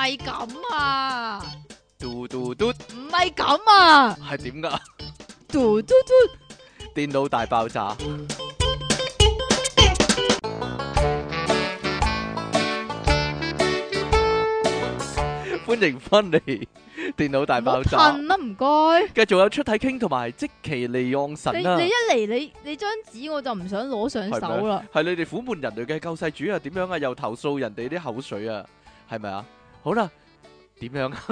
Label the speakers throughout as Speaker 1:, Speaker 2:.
Speaker 1: 唔係咁啊！
Speaker 2: 嘟嘟嘟！
Speaker 1: 唔係咁
Speaker 2: 啊！係點噶？嘟嘟嘟！電腦大爆炸！歡迎翻嚟！電腦大爆炸！瞓
Speaker 1: 啦，唔該。
Speaker 2: 繼續有出體 king 同埋積淇離岸神啊！你一嚟
Speaker 1: 你你張紙我就唔想攞上手啦！
Speaker 2: 係你哋苦悶人類嘅救世主啊？點樣啊？又投訴人哋啲口水啊？係咪啊？好啦，點樣啊？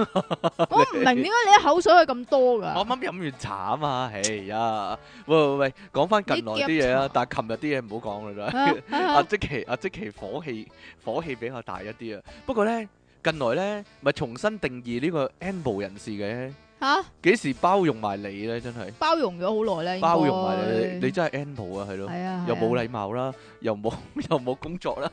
Speaker 2: 我唔明點解
Speaker 1: 你口水係咁多噶？我啱
Speaker 2: 飲完茶啊嘛，係啊！喂喂喂，講翻近來啲嘢啦，但係琴日啲嘢唔好講啦。阿積淇阿積淇火氣火氣比較大一啲啊！不過咧，近來咧咪重新定義呢個 enable 人士嘅吓？幾時包容埋你咧？真係
Speaker 1: 包容咗好耐咧，包容埋你，你真係 enable 啊，係咯？係啊，又冇禮
Speaker 2: 貌啦，又冇又冇工作啦。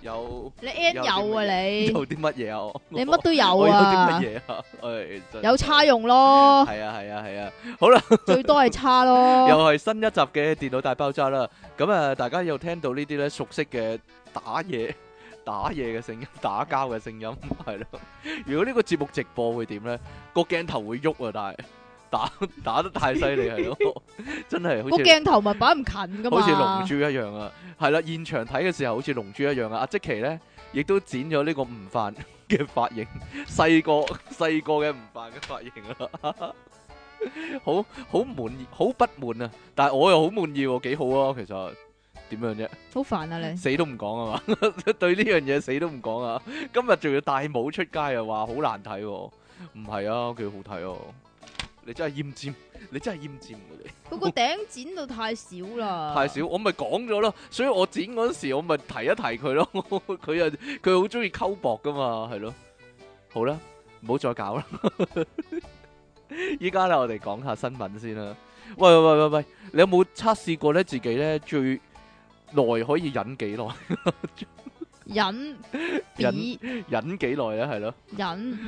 Speaker 2: 有你 N 有啊你做啲乜嘢啊？你乜都有啊？我有啲乜嘢啊？誒，有差用咯。係啊係啊係啊。好啦，最多係
Speaker 1: 差咯。又
Speaker 2: 係新一集嘅電腦大爆炸啦。咁啊，大家又聽到呢啲咧熟悉嘅打嘢打嘢嘅聲音，打交嘅聲音係咯。如果呢個節目直播會點咧？個鏡頭會喐啊，但係。打打得太犀利係咯， 真係好似個鏡
Speaker 1: 頭唔擺咁近噶 好似龍珠
Speaker 2: 一樣啊！係啦，現場睇嘅時候好似龍珠一樣啊！阿積淇咧亦都剪咗呢個悟飯嘅髮型，細 個細個嘅悟飯嘅髮型啊！ 好好滿意，好不滿啊！但係我又好滿意，啊，幾好啊！其實點樣啫？
Speaker 1: 好煩啊你，死
Speaker 2: 都唔講啊嘛！ 對呢樣嘢死都唔講啊！ 今日仲要戴帽出街啊，話好難睇，唔係啊，幾好睇哦、啊！你真係厭尖，你真係厭尖嘅你。
Speaker 1: 佢個頂剪到太少啦。太少，
Speaker 2: 我咪講咗咯。所以我剪嗰陣時，我咪提一提佢咯。佢又佢好中意溝薄噶嘛，係咯。好啦，唔好再搞啦。依家咧，我哋講下新聞先啦。喂喂喂喂，你有冇測試過咧？自己咧最耐可以忍幾耐？
Speaker 1: 忍忍
Speaker 2: 忍幾耐啊？係咯。忍，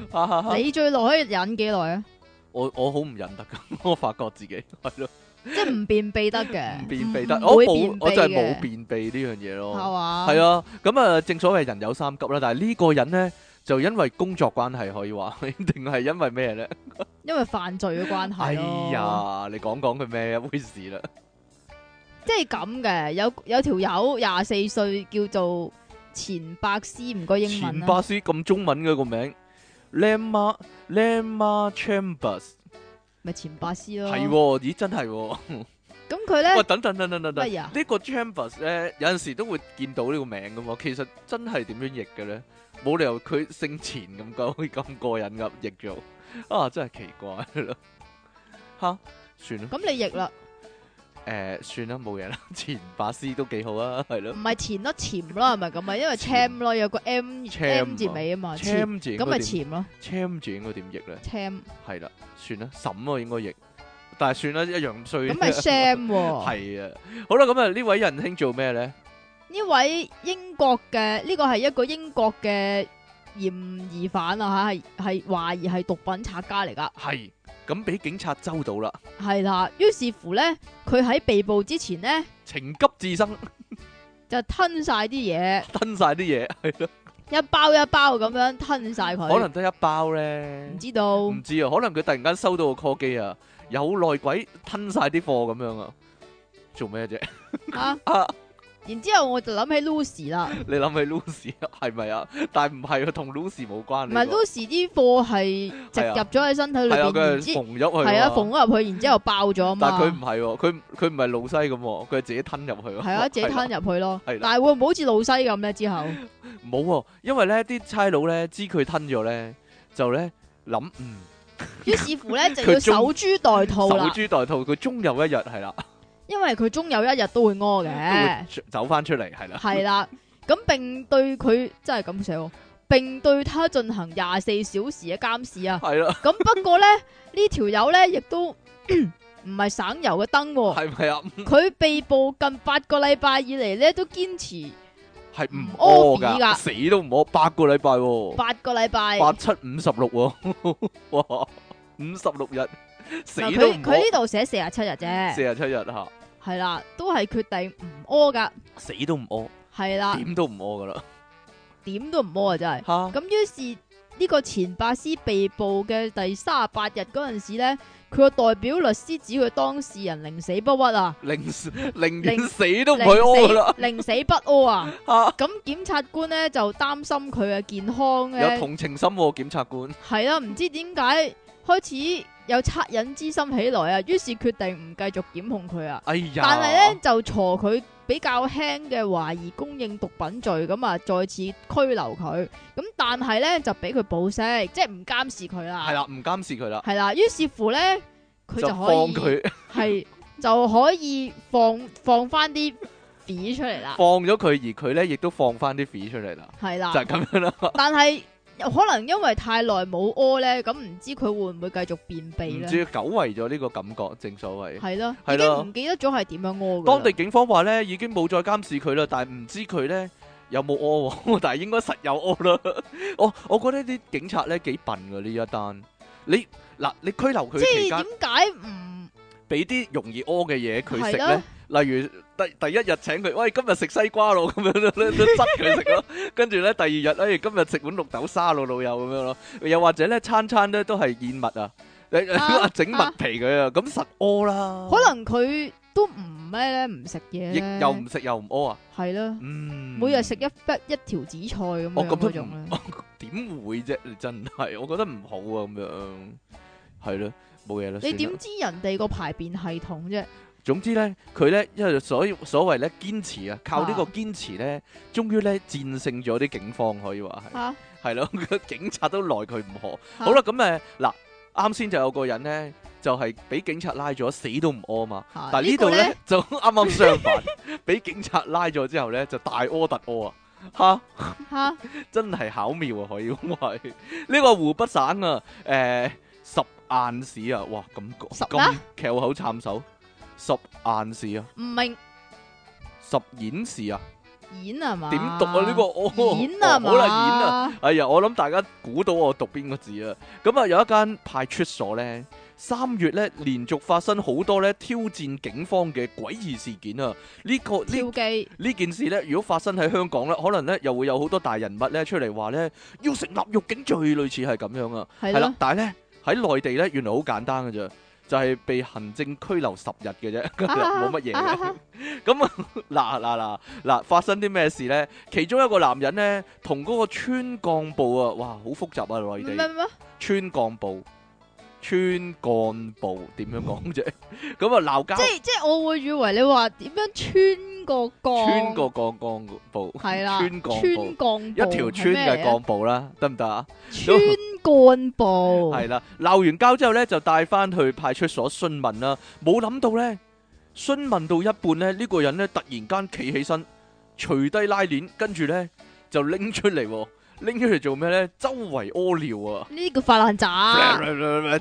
Speaker 2: 你
Speaker 1: 最耐可以忍幾耐啊？
Speaker 2: 我我好唔忍得噶，我發覺自己係咯，即
Speaker 1: 係唔便秘得嘅，唔便
Speaker 2: 秘得，嗯、我冇，我真係冇便秘呢樣嘢咯，係吧啊，咁啊，正所謂人有三急啦，但係呢個人咧就因為工作關係可以話，定係因為咩咧？
Speaker 1: 因為犯罪嘅關係、啊、 哎呀，
Speaker 2: 你講講佢咩一回事啦？即
Speaker 1: 係咁嘅，有有條友廿四歲，叫做錢伯斯，唔該英文，錢伯斯
Speaker 2: 咁中文嘅個名。僆媽僆媽 Chambers
Speaker 1: 咪錢巴斯咯，係
Speaker 2: 咦真係，咁佢咧，喂，等等等等等等，呢個 Chambers 咧、呃、有陣時都會見到呢個名噶嘛，其實真係點樣譯嘅咧？冇理由佢姓錢咁解會咁過癮噶譯咗，啊真係奇怪啦，嚇、 啊、算啦，咁、嗯、你譯啦。誒，算啦，冇嘢啦，前法師都幾好啊，係咯。唔
Speaker 1: 係前咯，潛咯，係咪咁啊？因為 chem 咯，有個 m m 字尾啊嘛，chem 字咁咪潛咯。
Speaker 2: chem 字應該點譯咧？chem 係啦，算啦，審啊應該譯，但係算啦，一樣咁衰。咁咪 sam 係啊？好啦，咁啊呢位仁兄做咩咧？
Speaker 1: 呢位英國嘅呢個係一個英國嘅嫌疑犯啊吓，係係懷疑係毒品拆家嚟噶，
Speaker 2: 係。咁俾警察揪到啦，
Speaker 1: 係啦。於是乎咧，佢喺被捕之前咧，
Speaker 2: 情急智生
Speaker 1: 就吞晒啲嘢，
Speaker 2: 吞晒啲嘢係咯，
Speaker 1: 一包一包咁樣吞晒佢，可能
Speaker 2: 得一包咧，唔知道，唔知啊，可能佢突然間收到個 call 機 啊，有內鬼吞晒啲貨咁樣啊，做咩啫？啊啊！
Speaker 1: 然之後我就諗起 Lucy 啦，
Speaker 2: 你諗起 Lucy 係咪啊？但係唔係啊，同 Lucy 冇關係。唔係 Lucy
Speaker 1: 啲貨係直入咗喺是、啊、身體裏邊，然後係啊，縫入去，係啊，縫咗入去，然之後爆咗啊嘛。但係佢唔
Speaker 2: 係喎，佢佢唔係老西咁喎，佢係自己吞入去咯。係啊，自己吞入
Speaker 1: 去咯。係，但會唔會好似老西咁咧？之後
Speaker 2: 冇、 啊，因為咧啲差佬咧知佢吞咗咧，就咧諗嗯，
Speaker 1: 於是乎咧就要守株待兔啦。守株
Speaker 2: 待兔，佢終有一日係啦。
Speaker 1: 因為佢終有一日都會屙嘅，
Speaker 2: 都會走翻出嚟係啦，係啦，
Speaker 1: 咁並對佢真係咁寫，並對他進行廿四小時嘅監視啊，係啦，咁不過咧呢條友咧亦都唔係省油嘅燈，係咪啊？佢被捕近八個禮拜以嚟咧都堅持
Speaker 2: 係唔屙噶，死都唔屙，八個禮拜、啊，八
Speaker 1: 個禮拜，八
Speaker 2: 七五十六、哦，哇，五十六日，死佢呢度寫
Speaker 1: 四十七日啫，四
Speaker 2: 十七日吓、啊。
Speaker 1: 係啦，都係決定唔屙噶，
Speaker 2: 死都唔屙。係啦，點都唔屙噶啦，
Speaker 1: 點都唔屙啊！真係。咁於是呢個前律師被捕嘅第三十八日嗰陣時咧，佢個代表律師指佢當事人寧死不屈啊，寧
Speaker 2: 寧寧死都唔去屙啦，寧
Speaker 1: 死不屙啊！咁， 檢 察官咧就擔心佢嘅健康嘅，有同
Speaker 2: 情心啊。檢察官
Speaker 1: 係咯，唔 知點解開始。有惻隱之心起來啊，於是決定唔繼續檢控佢啊。哎
Speaker 2: 呀呦！但係咧
Speaker 1: 就鋤佢比較輕嘅懷疑供應毒品罪，咁啊再次拘留佢。咁但係咧就俾佢保釋，即係唔監視佢啦。係
Speaker 2: 啦，唔監視佢啦。係
Speaker 1: 啦，於是乎咧，
Speaker 2: 佢就，就放佢
Speaker 1: 係就可以放放翻啲 B 出嚟啦，啦。放
Speaker 2: 咗佢，而佢咧亦都放翻啲 B 出嚟啦。係啦，就係咁樣啦。 但
Speaker 1: 係。可能因為太耐冇屙咧，咁唔知佢會唔會繼續便秘咧？唔知
Speaker 2: 久違咗呢個感覺，正所謂係咯，了了已經唔
Speaker 1: 記得咗係點樣屙。當地警
Speaker 2: 方話咧，已經冇再監視佢啦，但係唔知佢咧有冇屙，但係應該實有屙啦。 我我覺得啲警察咧幾笨噶呢一單，你嗱你拘留佢期間點解唔？俾啲容易屙嘅嘢佢食咧，了例如第第一日請佢，喂今日食西瓜咯，咁樣都都執佢食咯。跟住咧第二日，哎今日食碗綠豆沙咯，老友咁樣咯。又或者咧餐餐咧都係燕麥啊，整麥皮佢啊，咁實屙啦。
Speaker 1: 可能佢都唔咩咧，唔食嘢亦又唔
Speaker 2: 食又唔屙啊。係啦的，
Speaker 1: 嗯、每日食一粒一條紫菜咁樣嗰種、
Speaker 2: 哦。點 會啫？你真係，我覺得唔好啊，咁樣係咯。冇嘢啦，你點
Speaker 1: 知人哋個排便系統啫？
Speaker 2: 總之咧，佢咧，因為所以所謂咧堅持啊，靠個堅呢個堅持咧，終於咧戰勝咗啲警方，可以話係，係咯、啊， 警察都奈佢唔何。啊、好啦，咁誒，嗱、啊，啱先就有個人咧，就係、是、俾警察拉咗死都唔屙嘛。啊、但係呢度咧就啱啱相反，俾 警察拉咗之後咧就大屙特屙啊！吓吓，真係巧妙啊！可以咁講，呢 個湖北省啊，誒、欸。 十硬士啊，哇咁高咁翹口鏟手，十硬士啊，唔明，十演士啊，
Speaker 1: 演啊，嘛？點讀啊呢個？演係嘛？好啦，演啊！
Speaker 2: 哎呀，我諗大家估到我讀邊個字啊？咁、嗯、啊，有一間派出所咧，三月咧連續發生好多咧挑戰警方嘅詭異事件啊！呢個呢呢件事咧，如果發生喺香港咧，可能咧又會有好多大人物咧出嚟話咧要成立獄警，最類似係咁樣啊！係啦，但係咧。喺內地咧，原來好簡單嘅啫，就係被行政拘留十日嘅啫，冇乜嘢。咁啊，嗱嗱嗱嗱，發生啲咩事咧？其中一個男人咧，同嗰個村幹部啊，哇，好複雜啊，內地村幹部。村幹部點樣講啫？咁啊，鬧交，即係
Speaker 1: 即係我會以為你話點樣村個幹 村
Speaker 2: 個幹部， 村個幹幹部係啦，村幹部，一條村嘅幹部啦，得唔得啊？行
Speaker 1: 行啊，村幹部係
Speaker 2: 啦，鬧 完交之後咧，就帶翻去派出所詢問啦，冇諗到咧，詢問到一半咧，呢、呢個人咧突然間企起身，除低拉鏈，跟住咧就拎出嚟。拎出嚟做咩呢？周圍屙尿啊！呢
Speaker 1: 啲叫發爛渣，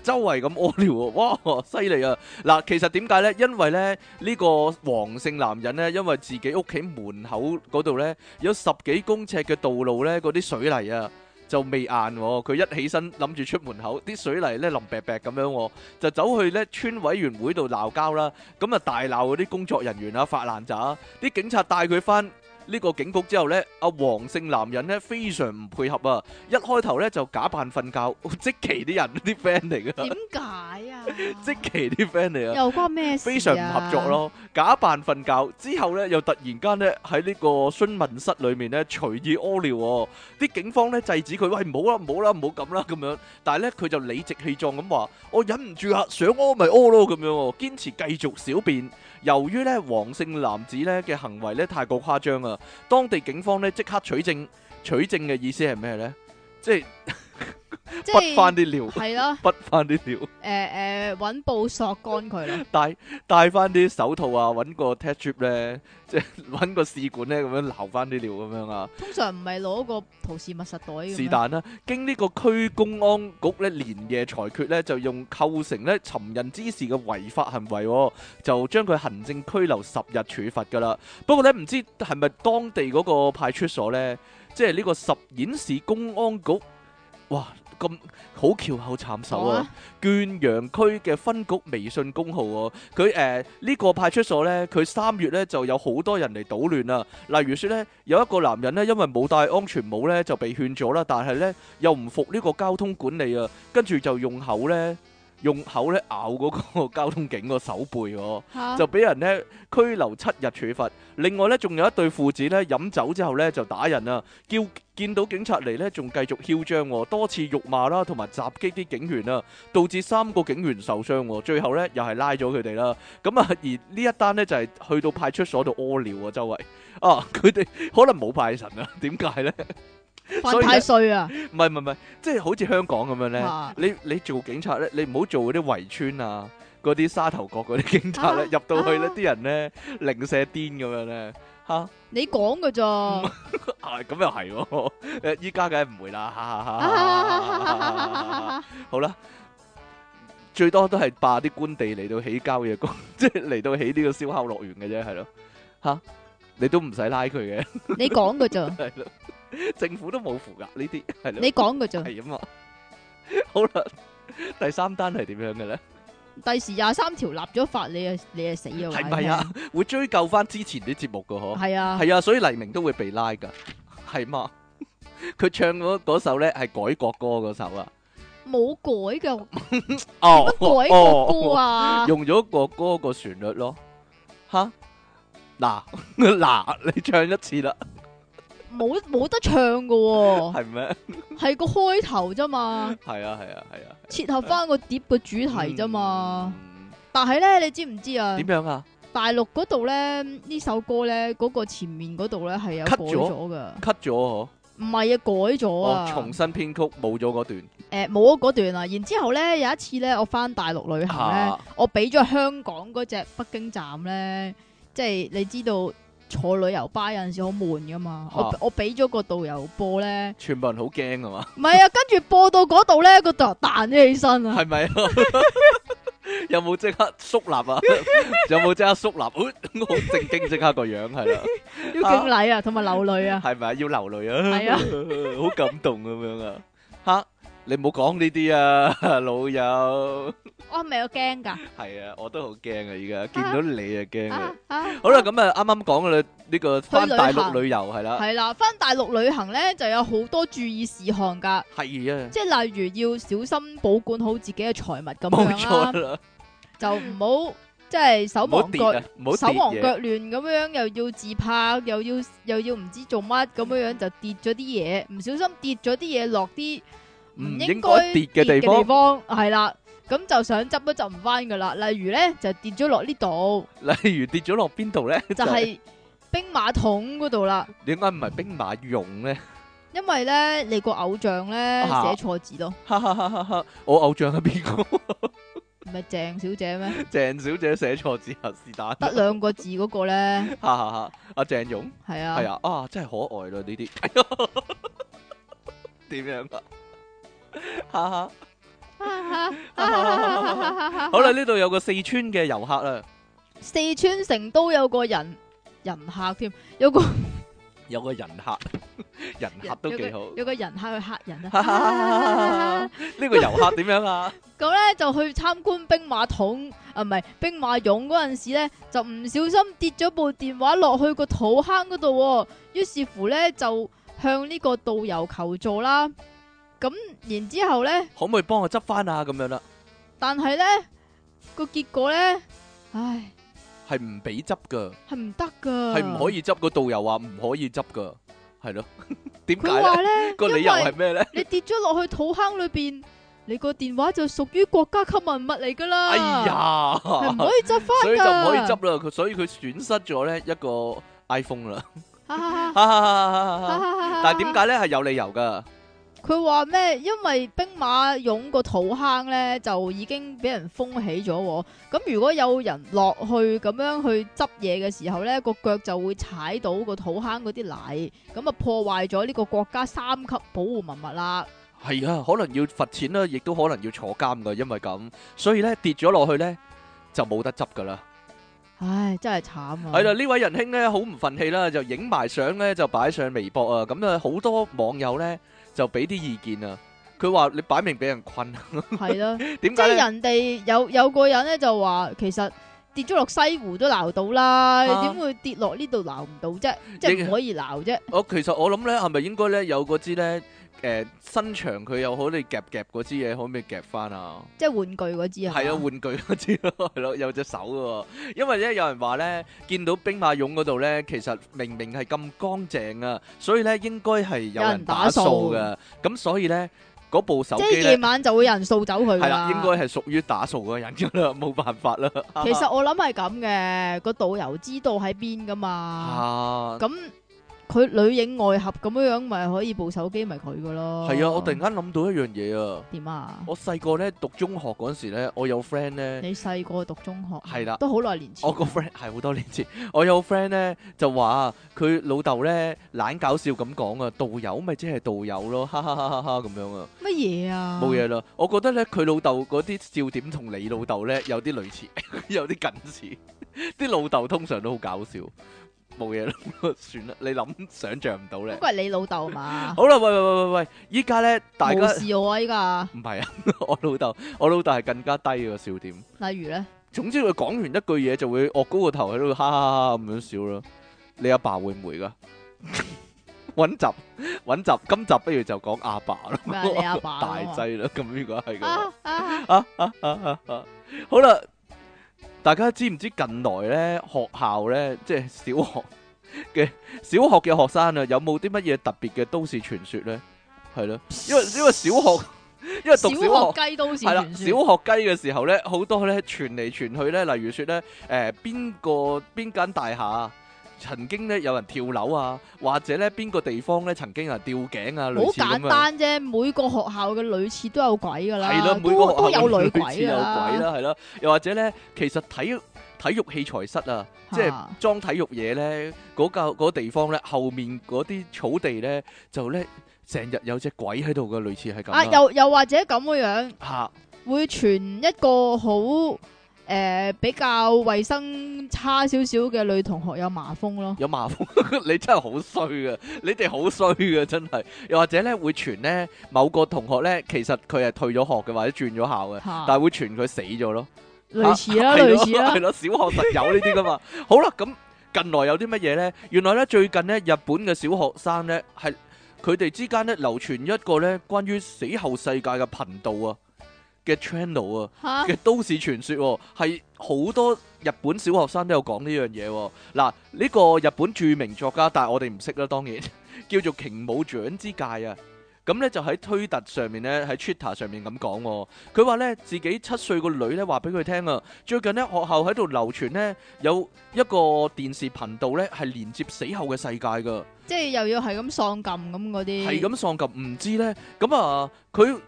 Speaker 2: 周圍咁屙尿啊！哇，犀利啊！嗱，其實點解呢？因為呢呢個黃姓男人呢，因為自己屋企門口嗰度呢有十幾公尺嘅道路呢，嗰啲水泥啊就未硬，佢一起身諗住出門口，啲水泥呢腍白白咁樣，就走去呢村委員會度鬧交啦。咁啊大鬧嗰啲工作人員啊，發爛渣，啲警察帶佢返。呢個警局之後咧，阿黃姓男人咧非常唔配合啊！一開頭咧就假扮瞓覺，積淇啲人啲 friend 嚟噶。點解啊？積淇啲 friend 嚟啊！又關咩事啊？非常唔合作咯，假扮瞓覺之後咧，又突然間咧喺呢個詢問室裏面咧隨意屙尿喎！啲警方咧制止佢：喂，唔好啦唔好啦唔好咁啦咁樣。但係咧佢就理直氣壯咁話：我忍唔住啊，想屙咪屙咯咁樣，堅持繼續小便。由於咧黃姓男子咧嘅行為咧太過誇張啊！當地警方呢，即刻取證。取證嘅意思係咩呢？即係
Speaker 1: 不翻啲尿，係咯
Speaker 2: 不翻啲尿，
Speaker 1: 誒誒的，搵布、 呃呃、索乾佢啦
Speaker 2: 戴帶翻啲手套啊，搵個 test tube 咧，即係搵個試管咧，咁樣撈翻啲尿咁樣啊。啊樣啊
Speaker 1: 通常唔係攞個陶瓷密實袋是但
Speaker 2: 啦，經呢個區公安局咧連夜裁決咧，就用構成咧尋釁滋事嘅違法行為，啊，就將佢行政拘留十日處罰噶啦。不過咧，唔知係咪當地嗰個派出所咧，即係呢個十堰市公安局，哇，咁好巧后慘手啊！鄖陽區嘅分局微信公號喎，啊，佢誒呢個派出所呢，佢三月呢就有好多人嚟搗亂啊。例如說呢，有一個男人呢，因為冇戴安全帽呢，就被勸咗啦。但係呢，又唔服呢個交通管理啊，跟住就用口呢。用口咧咬嗰個交通警個手背喎，啊、就俾人咧拘留七日處罰。另外咧，仲有一對父子咧飲酒之後咧就打人啊，叫見到警察嚟咧仲繼續囂張、啊，多次辱罵啦、啊，同埋襲擊啲警員啊，導致三個警員受傷、啊。最後咧又係拉咗佢哋啦。咁啊，而呢一單呢，就係、是、去到派出所度屙尿啊，周圍啊，佢哋可能冇派神啊？點解呢？ 太衰啊！唔係唔係唔係，即係好似香港咁樣咧，你你做警察咧，你唔好做嗰啲圍村啊，嗰啲沙頭角嗰啲警察咧，入到去咧，啲人咧零舍癲咁樣咧，吓，
Speaker 1: 你講噶咋？
Speaker 2: 係咁又係，誒依家梗係唔會啦。好啦，最多都係霸啲官地嚟到起郊野公園，即係嚟到起呢個燒烤樂園嘅啫，係咯，吓，你都唔使拉佢嘅。你講噶咋？政府都冇符噶呢啲，係咯。你講噶咋？係啊嘛。好啦，第三單係點樣嘅咧？
Speaker 1: 第時廿三條立咗法，你啊，你啊死啊！係咪啊？
Speaker 2: 會追究翻之前啲節目噶嗬？係啊，係啊，所以黎明都會被拉噶，係嘛？佢唱嗰嗰首咧係改國歌嗰首啊，
Speaker 1: 冇改噶。哦，
Speaker 2: 改國歌啊？用咗國歌個旋律咯。吓，嗱嗱，你唱一次啦。
Speaker 1: 冇冇得唱嘅喎、哦，係
Speaker 2: 咩
Speaker 1: 嗎？係個開頭啫嘛。
Speaker 2: 係啊係啊係啊，切合翻
Speaker 1: 個碟嘅主題啫嘛。嗯、但係咧，你知唔知啊？點樣啊？大陸嗰度咧呢首歌咧嗰、那個前面嗰度咧係有 cut 咗嘅，cut 咗嗬？唔係啊,啊，改咗啊、哦。重
Speaker 2: 新編曲冇咗嗰段。
Speaker 1: 誒、欸，冇咗嗰段啊。然之後咧，有一次咧，我翻大陸
Speaker 2: 旅行咧，
Speaker 1: 啊、我俾咗香港嗰隻北京站咧，即係你知道。坐旅遊巴有陣時好悶噶嘛，啊、我我俾咗個導遊播咧，
Speaker 2: 全部人好驚㗎嘛？
Speaker 1: 唔係啊，跟住播到嗰度咧，個導遊彈咗起身啊，
Speaker 2: 係咪？有冇即刻縮立啊？ 有冇即刻縮立？ 好正經即 刻個樣係啦，
Speaker 1: 要敬禮啊，同埋、啊、流淚啊，
Speaker 2: 係咪、啊？要流淚啊？係啊，好感動咁樣啊！ 你唔好講呢啲啊，老友。我
Speaker 1: 咪好驚噶。
Speaker 2: 係啊，我都好驚啊，而家見到你啊，驚啊。好啦，咁啊，啱啱講嘅，呢個翻大陸旅遊係啦。係
Speaker 1: 啦，翻大陸旅行咧就有好多注意事項噶。
Speaker 2: 係啊。即係例
Speaker 1: 如要小心保管好自己嘅財物咁樣，冇錯啦，就唔好即係手忙腳手忙腳亂咁樣，又要自拍，又要又要唔知做乜咁樣樣，就跌咗啲嘢，唔小心跌咗啲嘢落啲。
Speaker 2: 唔應該跌嘅地
Speaker 1: 方係啦，咁就想執都執唔翻噶啦。例如咧就跌咗落呢度，
Speaker 2: 例如跌咗落邊度咧？就係
Speaker 1: 兵馬桶嗰度啦。
Speaker 2: 點解唔係兵馬俑咧？
Speaker 1: 因為咧你個偶像咧寫錯字咯。
Speaker 2: 我偶像係邊個？
Speaker 1: 唔係鄭小姐咩？
Speaker 2: 鄭小姐寫錯字啊？是但得兩
Speaker 1: 個字嗰個咧？
Speaker 2: 阿鄭勇，係啊係啊，啊真係可愛啦呢啲，點 樣啊？吓吓吓吓好啦，呢度有個四川嘅遊客啦。
Speaker 1: 四川成都有個人人客添，有個
Speaker 2: 有個人客，人客都幾好。 有
Speaker 1: 個人客去嚇人啊！
Speaker 2: 呢 個遊客點樣啊？
Speaker 1: 咁咧 就去參觀兵馬桶，啊，唔係兵馬俑嗰陣時咧，就唔小心跌咗部電話落去個土坑嗰度，於是乎咧就向呢個導遊求助啦。咁，然之後咧，
Speaker 2: 可唔可以幫我執翻啊？咁樣啦，
Speaker 1: 但係咧個結果咧，唉，
Speaker 2: 係唔俾執噶，
Speaker 1: 係唔得噶，係唔可以
Speaker 2: 執。個導遊話唔可以執噶，係咯？點解咧？個理由係咩咧？你
Speaker 1: 跌咗落去土坑裏邊，你個電話就屬於國家級文物嚟噶啦。哎呀，
Speaker 2: 係唔可以執翻，所以就唔可以執啦。佢所以佢損失咗咧一個 iPhone 啦。但係點解咧？係有理由噶。
Speaker 1: 佢話咩？因為兵馬俑個土坑咧，就已經俾人封起咗。咁如果有人落去咁樣去執嘢嘅時候咧，個腳就會踩到個土坑嗰啲泥，咁啊破壞咗呢個國家三級保護文物啦。
Speaker 2: 係啊，可能要罰錢啦，亦都可能要坐監噶，因為咁。所以咧跌咗落去咧，就冇得執噶啦。
Speaker 1: 唉，真係慘啊！係啦，
Speaker 2: 呢位仁兄咧好唔忿氣啦，就影埋相咧就擺上微博啊。咁啊，好多網友咧。就俾啲意見啊！佢話，你擺明俾人困，係
Speaker 1: 咯？點即係人哋有有個人咧就話，其實跌咗落西湖都撈到啦，點會跌落呢度撈唔到啫？即係唔可以撈啫。
Speaker 2: 我其實我諗咧，係咪應該咧有嗰支咧？誒，伸長佢又好，你夾夾嗰支嘢，可唔可以夾翻啊？
Speaker 1: 即係玩具嗰支啊？係啊，
Speaker 2: 玩具嗰支咯，係咯，有隻手噶。因為咧，有人話咧，見到兵馬俑嗰度咧，其實明明係咁乾淨啊，所以咧應該係有人打掃噶。咁所以咧，嗰部手機即係夜
Speaker 1: 晚就會有人掃走佢。係啦，應該
Speaker 2: 係屬於打掃嗰人噶啦，冇辦法啦。其實我
Speaker 1: 諗係咁嘅，個導遊知道喺邊噶嘛。
Speaker 2: 咁。
Speaker 1: 佢女影外合咁樣樣，咪可以部手機咪佢噶咯？係啊，我突
Speaker 2: 然間諗到一樣嘢啊！點啊？我細個咧讀中學嗰陣時咧，我有 friend 咧。你
Speaker 1: 細個讀中學係啦，的都好耐年
Speaker 2: 前。我個 friend 係好多年前，我有 friend 咧就話佢老豆咧懶搞笑咁講啊，導遊咪即係導游咯，哈哈哈哈哈咁樣啊！
Speaker 1: 乜嘢啊？冇嘢
Speaker 2: 啦，我覺得咧佢老豆嗰啲笑點同你老豆咧有啲類似， 有啲近似，啲老豆通常都好搞笑。冇嘢咯，算啦，你諗想象唔到咧。唔
Speaker 1: 係你老豆嘛？好
Speaker 2: 啦，喂喂喂喂喂，依家咧大家笑
Speaker 1: 我依家。
Speaker 2: 唔係啊，我老豆，我老豆係更加低個笑點。例如咧，總之佢講完一句嘢就會惡高個頭喺度哈哈哈咁樣笑咯。你阿爸會唔會噶？揾集揾集，今集不如就講阿爸咯。唔係阿爸大劑啦，咁如果係咁，好啦。大家知唔知近來咧學校咧即係小學嘅小學嘅學生啊，有冇啲乜嘢特別嘅都市傳說咧？係咯，因為因為小學因為讀小學雞都市傳說，小學雞嘅時候咧，好多咧傳嚟傳去咧，例如說咧，誒、呃、邊個邊間大廈？曾經咧有人跳樓啊，或者咧邊個地方咧曾經啊吊頸啊類似咁樣。好簡單
Speaker 1: 啫，每個學校嘅類似都有鬼㗎啦，每個學校都有類似有鬼啦，
Speaker 2: 係咯。又或者咧，其實體體育器材室啊，即係裝體育嘢咧，嗰個嗰地方咧，後面嗰啲草地咧，就咧成日有隻鬼喺度嘅類似係咁。啊，又
Speaker 1: 又或者咁嘅樣，嚇會傳一個好。誒、呃，比較衛生差少少嘅女同學有麻風咯，
Speaker 2: 有麻風，你真係好衰嘅，你哋好衰嘅，真係。又或者咧會傳咧某個同學咧，其實佢係退咗學嘅，或者轉咗校嘅，啊、但係會傳佢死咗咯，
Speaker 1: 啊、類似啦，啊、類似啦，係咯了，小學實有呢啲噶
Speaker 2: 嘛。 好啦，咁近來有啲乜嘢咧？原來咧，最近咧，日本嘅小學生咧係佢哋之間咧流傳一個咧關於死後世界嘅頻道啊。嘅 channel 啊，嘅哈都市傳說係，啊，好多日本小學生都有講呢樣嘢。嗱，呢、呢個日本著名作家，但係我哋唔識啦，啊，當然叫做鯨武長之戒」啊。咁咧就喺推特上面咧，喺 Twitter 上面咁講，啊。佢話咧自己七歲個女咧話俾佢聽啊，最近咧學校喺度流傳咧有一個電視頻道咧係連接死後嘅世界噶。
Speaker 1: 即係又要係咁喪禁咁嗰啲。係
Speaker 2: 咁喪禁唔知咧咁啊佢。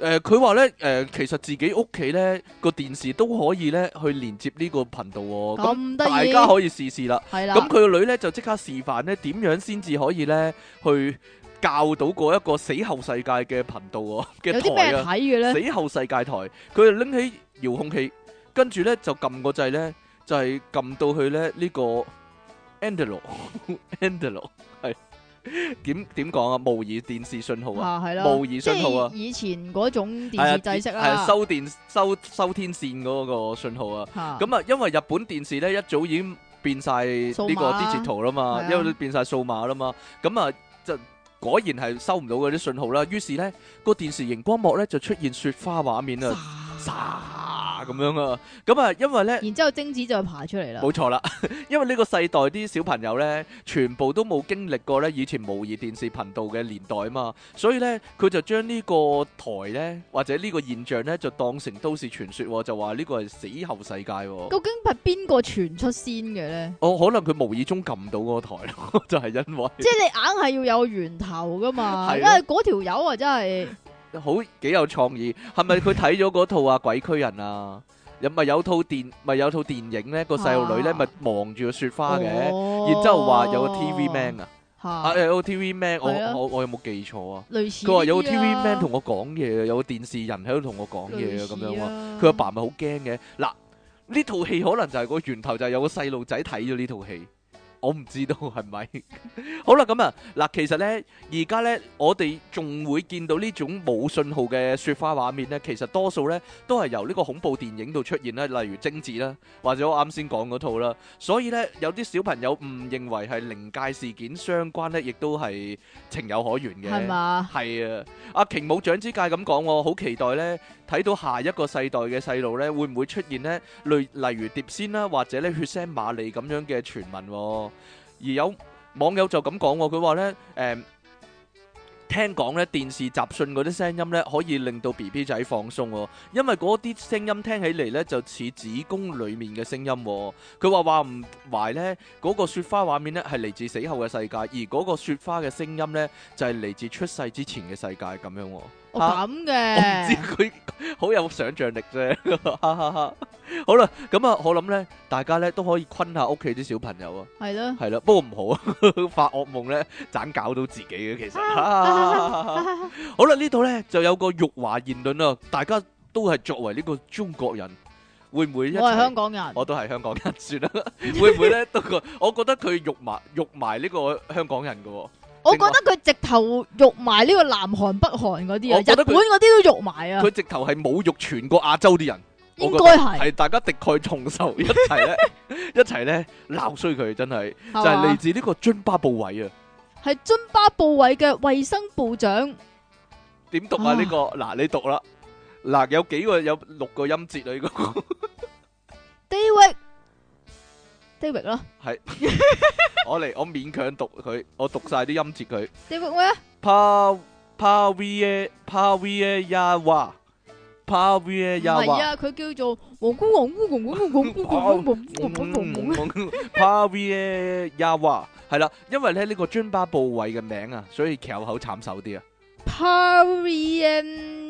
Speaker 2: 誒，佢話咧，誒、呃，其實自己屋企咧個電視都可以咧去連接呢個頻道、哦，咁大家可以試試啦。係啦了，咁佢個女咧就即刻示範咧，點樣先至可以咧去教到嗰一個死後世界嘅頻道嘅、哦、台啊！死後世界台，佢就拎起遙控器，跟住咧就撳個掣咧，就係撳、就係、到去咧呢、呢個 Endler，Endler 點點講啊？模擬電視信號啊，模擬信號啊，以，以
Speaker 1: 前嗰種電視制式啊，啊收
Speaker 2: 電收收天線嗰個信號啊。咁啊、嗯，因為日本電視咧一早已經變晒呢個 digital 啦嘛，啊、因為變晒數碼啦嘛。咁啊啦、嗯，就果然係收唔到嗰啲信號啦。於是咧，個電視熒光幕咧就出現雪花畫面啊。咁樣啊，咁啊，因為咧，
Speaker 1: 然之後貞子就爬出嚟啦。冇
Speaker 2: 錯啦，因為呢個世代啲小朋友咧，全部都冇經歷過咧以前模擬電視頻道嘅年代啊嘛，所以咧佢就將呢個台咧或者呢個現象咧就當成都市傳說，就話呢個係死後世界、啊。究
Speaker 1: 竟係邊個傳出先嘅咧？
Speaker 2: 哦，可能佢無意中撳到嗰個台， 就係因為即係你
Speaker 1: 硬係要有源頭噶嘛，是的 因為嗰條友啊真係。
Speaker 2: 好幾有創意，係咪佢睇咗嗰套啊鬼驅人啊？又咪有套電咪有套電影咧？個細路女咧咪望住個雪花嘅，啊、然之後話有個 TV man 啊，啊，啊有個 TV man，啊、我我我有冇記錯啊？類似佢話有個 TV man 同我講嘢，有個電視人喺度同我講嘢咁樣啊。佢阿爸咪好驚嘅。嗱，呢套戲可能就係個源頭，就係有個細路仔睇咗呢套戲。我唔知道係咪？是是 好啦，咁啊，嗱，其實呢，而家呢，我哋仲會見到呢種冇信號嘅雪花畫面呢，其實多數呢，都係由呢個恐怖電影度出現啦，例如《貞子》啦，或者我啱先講嗰套啦，所以呢，有啲小朋友誤認為係靈界事件相關呢，亦都係情有可原嘅。係嘛吧？係啊！阿瓊武長之介咁講，好期待呢。睇到下一個世代嘅細路呢，會唔會出現咧？類例如碟仙啦、啊，或者咧血腥瑪麗咁樣嘅傳聞、哦。而有網友就咁講喎，佢話呢，誒、嗯、聽講咧電視雜訊嗰啲聲音呢，可以令到 B B 仔放鬆喎、哦。因為嗰啲聲音聽起嚟呢，就似子宮裡面嘅聲音、哦。佢話話唔埋呢，嗰、那個雪花畫面呢，係嚟自死後嘅世界，而嗰個雪花嘅聲音呢，就係、是、嚟自出世之前嘅世界咁樣、哦。啊、我
Speaker 1: 咁嘅，我唔知佢
Speaker 2: 好有想象力啫。好啦，咁啊，我諗咧，大家咧都可以昆下屋企啲小朋友啊。係咯的，係咯，不過唔好啊， 發噩夢咧，盞搞到自己嘅其實。好啦，呢度咧就有個辱華言論啊！大家都係作為呢個中國人，會唔會？我係香港人，我都係香港人，算啦。會唔會咧？都覺，我覺得佢辱埋辱埋呢個香港人嘅、哦。
Speaker 1: 我覺得佢直頭辱埋呢個南韓、北韓嗰啲啊，日本嗰啲都辱埋啊！佢
Speaker 2: 直頭係侮辱全個亞洲啲人，應該係係大家敵愾同仇一齊咧，一齊咧鬧衰佢，真係吧就係嚟自呢個津巴布韋啊！
Speaker 1: 係津巴布韋嘅衛生部長
Speaker 2: 點讀啊、呢個？呢個嗱你讀啦，嗱有幾個有六個音節啊？呢、這個
Speaker 1: 第一地域咯，
Speaker 2: 係我嚟，我勉強讀佢，我讀晒啲音節佢。地域咩啊？Par Par V A Par V A Yah Wa Par V A Yah Wa。唔係啊，
Speaker 1: 佢叫做黃姑黃姑黃姑黃姑黃姑黃姑黃姑
Speaker 2: 黃姑。Par V A Yah Wa，係啦，因為咧呢個專巴部位嘅名啊，所以翹口慘手啲啊。
Speaker 1: Par V A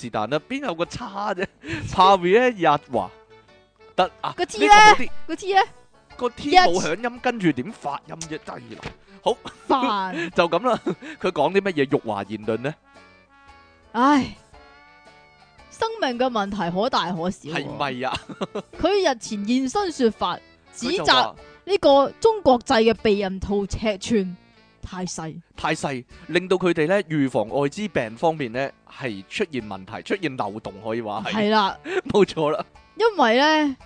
Speaker 2: 是但啦，邊有個叉啫？怕會咧日話得啊？個 T 咧，
Speaker 1: 個 T 咧，個
Speaker 2: T 冇響音， 跟住點發音啫？真係好煩，煩 就咁啦樣。佢講啲乜嘢辱華言論咧？唉，
Speaker 1: 生命嘅問題可大可小。係咪啊？佢、啊、 日前現身說法，指責呢就個中國製嘅避孕套尺寸。太細，
Speaker 2: 太細，令到佢哋咧預防艾滋病方面咧係出現問題，出現漏洞可以話係。係啦，冇錯啦，
Speaker 1: 因為咧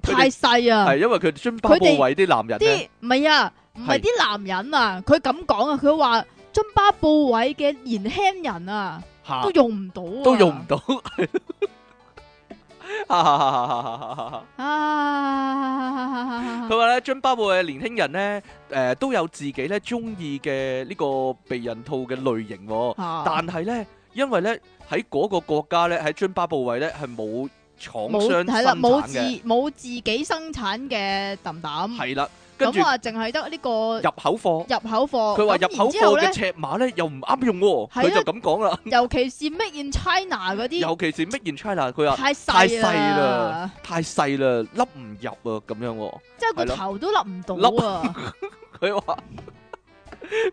Speaker 1: 太細啊，係
Speaker 2: 因為佢哋津巴布韋啲男人啲，
Speaker 1: 唔係啊，唔係啲男人啊，佢咁講啊，佢話津巴布韋嘅年輕人啊，都用唔
Speaker 2: 到啊，都用唔到。
Speaker 1: 啊呢！
Speaker 2: 佢話咧，津巴布韋嘅年輕人咧，誒、呃、都有自己咧中意嘅呢個避孕套嘅類型，哦，啊、但係咧，因為咧喺嗰個國家咧喺津巴布韋咧係冇廠商生產冇自
Speaker 1: 冇自己生產嘅氹氹。係
Speaker 2: 啦。咁話
Speaker 1: 淨係得呢個入口貨，入口貨、啊。佢話入口貨嘅尺
Speaker 2: 碼咧又唔啱用，佢就咁講啦。
Speaker 1: 尤其是 Made in China 嗰啲，尤
Speaker 2: 其是 Made in China，佢話太細啦，太細啦，笠唔入啊，咁樣。即係個頭
Speaker 1: 都笠唔到啊，
Speaker 2: 佢話、啊。笠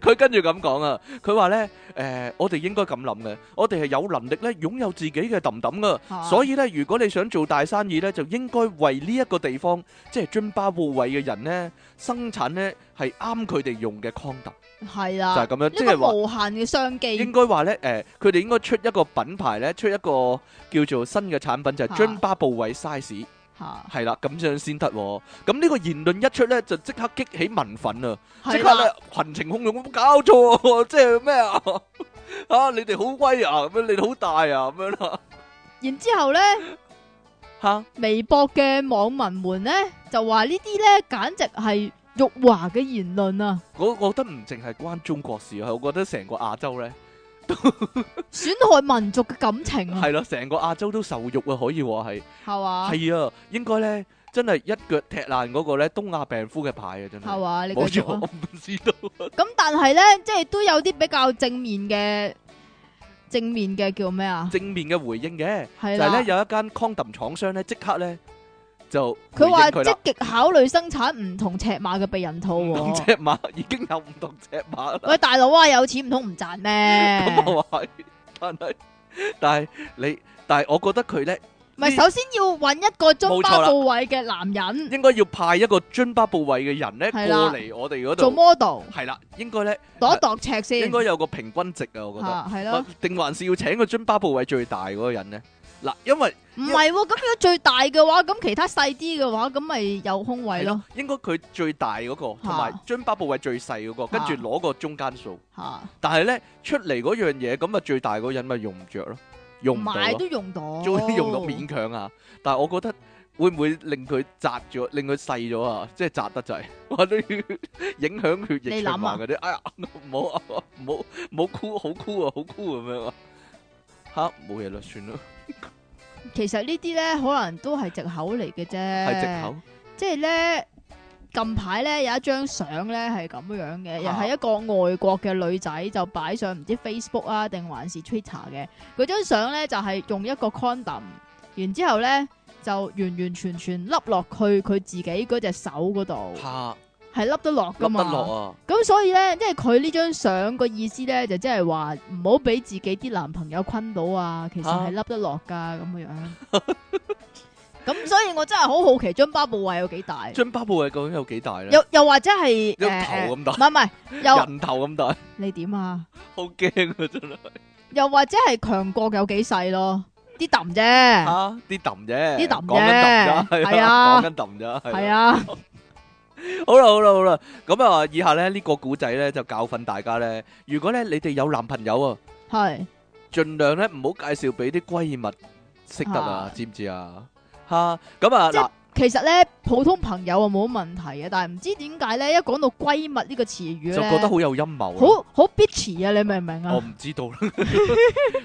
Speaker 2: 佢跟住咁講啊，佢話咧，誒，我哋應該咁諗嘅，我哋係有能力咧擁有自己嘅氹氹噶，所以咧，如果你想做大生意咧，就應該為呢一個地方，即係津巴布韋嘅人咧生產咧係啱佢哋用嘅康特，
Speaker 1: 係啦，就係咁樣，即係無限嘅商機，應
Speaker 2: 該話咧，誒，佢哋應該出一個品牌咧，出一個叫做新嘅產品，就係津巴布韋 size。係啦，咁樣先得。咁呢個言論一出咧，就即刻激起民憤啊！即刻咧群情洶湧，冇搞錯，即係咩啊？吓，你哋好威啊！咁樣，你哋好大啊！咁樣啦。然之後
Speaker 1: 咧，吓，微博嘅網民們咧就話呢啲咧簡直係辱華嘅言論啊！
Speaker 2: 我我覺得唔淨係關中國事，我覺得成個亞洲咧。
Speaker 1: 損害民族嘅感情
Speaker 2: 啊！係咯，成個亞洲都受辱啊！可以話係，係嘛？係啊，應該咧，真係一腳踢爛嗰個咧東亞病夫嘅牌啊！真係，係嘛？所以我唔知
Speaker 1: 道。咁但係咧，即係都有啲比較正面嘅正面嘅叫咩啊？
Speaker 2: 正面嘅回應嘅，係啊，就係咧有一間 condom 廠商咧，即刻咧。就佢話積
Speaker 1: 極考慮生產唔同尺碼嘅避孕套、啊，唔同尺
Speaker 2: 碼已經有唔同尺碼啦。喂，大
Speaker 1: 佬啊，有錢唔通唔賺咩？咁我
Speaker 2: 話，但係但係你但係我覺得佢咧，咪首先
Speaker 1: 要揾一個津巴布韋嘅男人，
Speaker 2: 應該要派一個津巴布韋嘅人咧過嚟我哋嗰度做 model。係啦，
Speaker 1: 應該咧度一度尺先，應該有
Speaker 2: 個平均值啊，我覺得係咯，定、啊、還是要請個津巴布韋最大嗰個人咧？嗱，因為
Speaker 1: 唔係咁樣最大嘅話，咁其他細啲嘅話，咁咪有空位咯。
Speaker 2: 應該佢最大嗰，那個，同埋樽巴部位最細嗰，那個，啊、跟住攞個中間數。吓、啊，但係咧出嚟嗰樣嘢，咁啊最大嗰人咪用唔着咯，用唔到都
Speaker 1: 用到，用到勉
Speaker 2: 強啊！但係我覺得會唔會令佢窄咗，令佢細咗啊？即係窄得滯，或者影響血液循環嗰啲。哎呀，唔好啊，唔好，cool，好 cool 啊，好 cool 咁樣啊，吓冇嘢啦，算啦。算
Speaker 1: 其實呢啲呢，可能都係藉口嚟嘅啫，係藉口，即係呢，近排呢有一張相呢，係咁樣嘅，又係一個外國嘅女仔就擺上唔知 Facebook 啊定還是 Twitter 嘅嗰張相呢，就係用一個 condom，然之後呢就完完全全笠落去佢自己嗰隻手嗰度。係凹得落噶嘛？得落啊！咁所以咧，即係佢呢張相個意思咧，就即係話唔好俾自己啲男朋友坤到啊！其實係凹得落噶咁嘅樣。咁所以我真係好好奇，津巴布韋有幾大？
Speaker 2: 津巴布韋究竟有幾大咧？又又
Speaker 1: 或者係頭咁大？唔係唔係，又人
Speaker 2: 頭咁大？你點啊？好驚啊！真係。
Speaker 1: 又或者係強國有幾細咯？啲揼啫。
Speaker 2: 吓，啲揼啫。啲揼啫。係啊。講緊揼啫。係啊。好啦好啦好啦，咁啊，以下咧呢個古仔咧就教訓大家咧，如果咧你哋有男朋友是盡啊，係盡量咧唔好介紹俾啲閨蜜識得啊，知唔知啊？吓咁啊嗱，嗯、是辣
Speaker 1: 其實咧普通朋友啊冇問題啊，但係唔知點解咧一講到閨蜜呢個詞語就覺得有陰謀好
Speaker 2: 有陰謀，好
Speaker 1: 好 bitch 啊，你明唔明啊？我唔
Speaker 2: 知道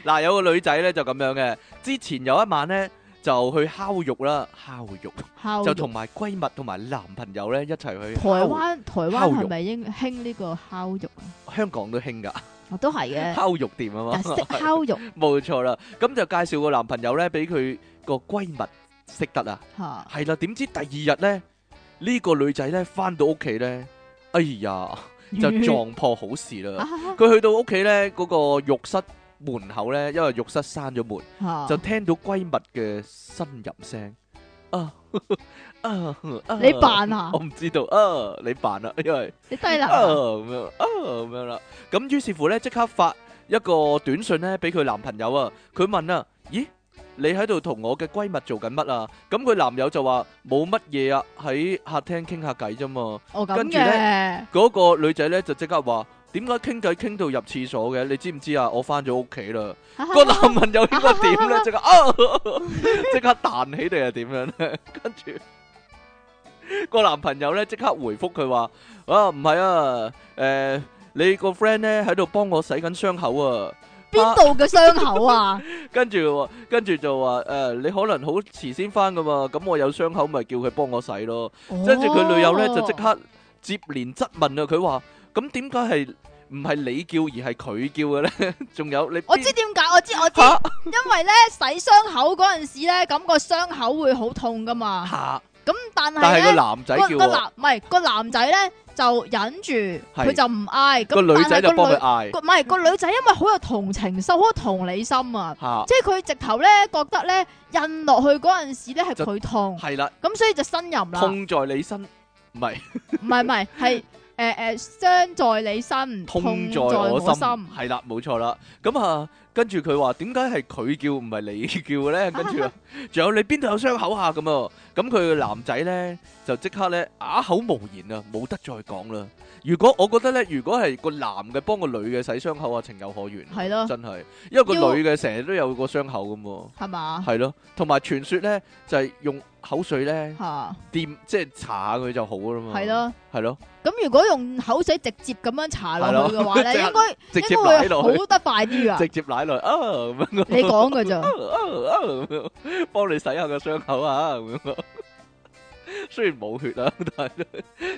Speaker 2: 嗱， 有個女仔咧就咁樣嘅，之前有一晚咧。就去烤肉啦，烤肉，就同埋閨蜜同埋男朋友咧一齊去，台灣，
Speaker 1: 台灣係咪應興呢個烤肉
Speaker 2: 啊？香港都興噶，
Speaker 1: 我都係嘅。烤
Speaker 2: 肉店啊嘛，食烤肉。冇錯啦，咁就介紹個男朋友咧俾佢個閨蜜識得啊。吓，係啦，點知第二日咧呢個女仔咧翻到屋企咧，哎呀就撞破好事啦！佢去到屋企咧嗰個浴室。門口咧，因為浴室閂咗門，就聽到閨蜜嘅呻吟聲。啊啊，你扮啊？我唔知道啊，你扮啦，因為你低啦，咁樣啊，咁樣啦。咁於是乎咧，即刻發一個短信咧俾佢男朋友啊。佢問啊：咦，你喺度同我嘅閨蜜做緊乜啊？咁佢男友就話冇乜嘢啊，喺客廳傾下偈啫嘛。哦，咁嘅。跟住咧，嗰個女仔咧就即刻話。點解傾偈傾到入廁所嘅？你知唔知啊？我翻咗屋企啦。個男朋友應該點咧？即刻即刻彈起定係點樣咧？跟住個男朋友咧即刻回覆佢話：啊唔係啊，誒你個 friend 咧喺度幫我洗緊傷口啊。邊度嘅傷口啊？跟住跟住就話誒，你可能好遲先翻噶嘛？咁我有傷口咪叫佢幫我洗咯。跟住佢女友咧就即刻接連質問啊，佢話。咁點解係唔係你叫而係佢叫嘅咧？仲有你，我
Speaker 1: 知點解，我知我知，因為咧洗傷口嗰陣時咧，感覺傷口會好痛噶嘛。吓，咁但係咧，個男唔係個男仔咧就忍住，佢就唔嗌，個女仔就幫佢嗌。唔係個女仔，因為好有同情心，好有同理心啊。吓，即係佢直頭咧覺得咧，印落去嗰陣時咧係佢痛，係啦，咁所以就呻吟啦。痛
Speaker 2: 在你身，唔係
Speaker 1: 唔係唔係係。誒誒，傷、啊啊、在你身，痛在我心，
Speaker 2: 係啦，冇錯啦。咁啊，跟住佢話點解係佢叫唔係你叫咧？跟住，仲 有你邊度有傷口下啊？咁。咁佢個男仔咧就即刻咧啞口無言啊，冇得再講啦。如果我覺得咧，如果係個男嘅幫個女嘅洗傷口啊，情有可原。係咯，真係，因為個女嘅成日都有個傷口咁。係嘛。係咯，同埋傳說咧就係用口水咧掂，即係搽下佢就好啦嘛。係咯，係咯。
Speaker 1: 咁如果用口水直接咁樣搽落去嘅話咧，應該應該會好得快啲啊。直
Speaker 2: 接舐落去，啊，你講佢就，幫你洗下個傷口啊！雖然冇血啦，但係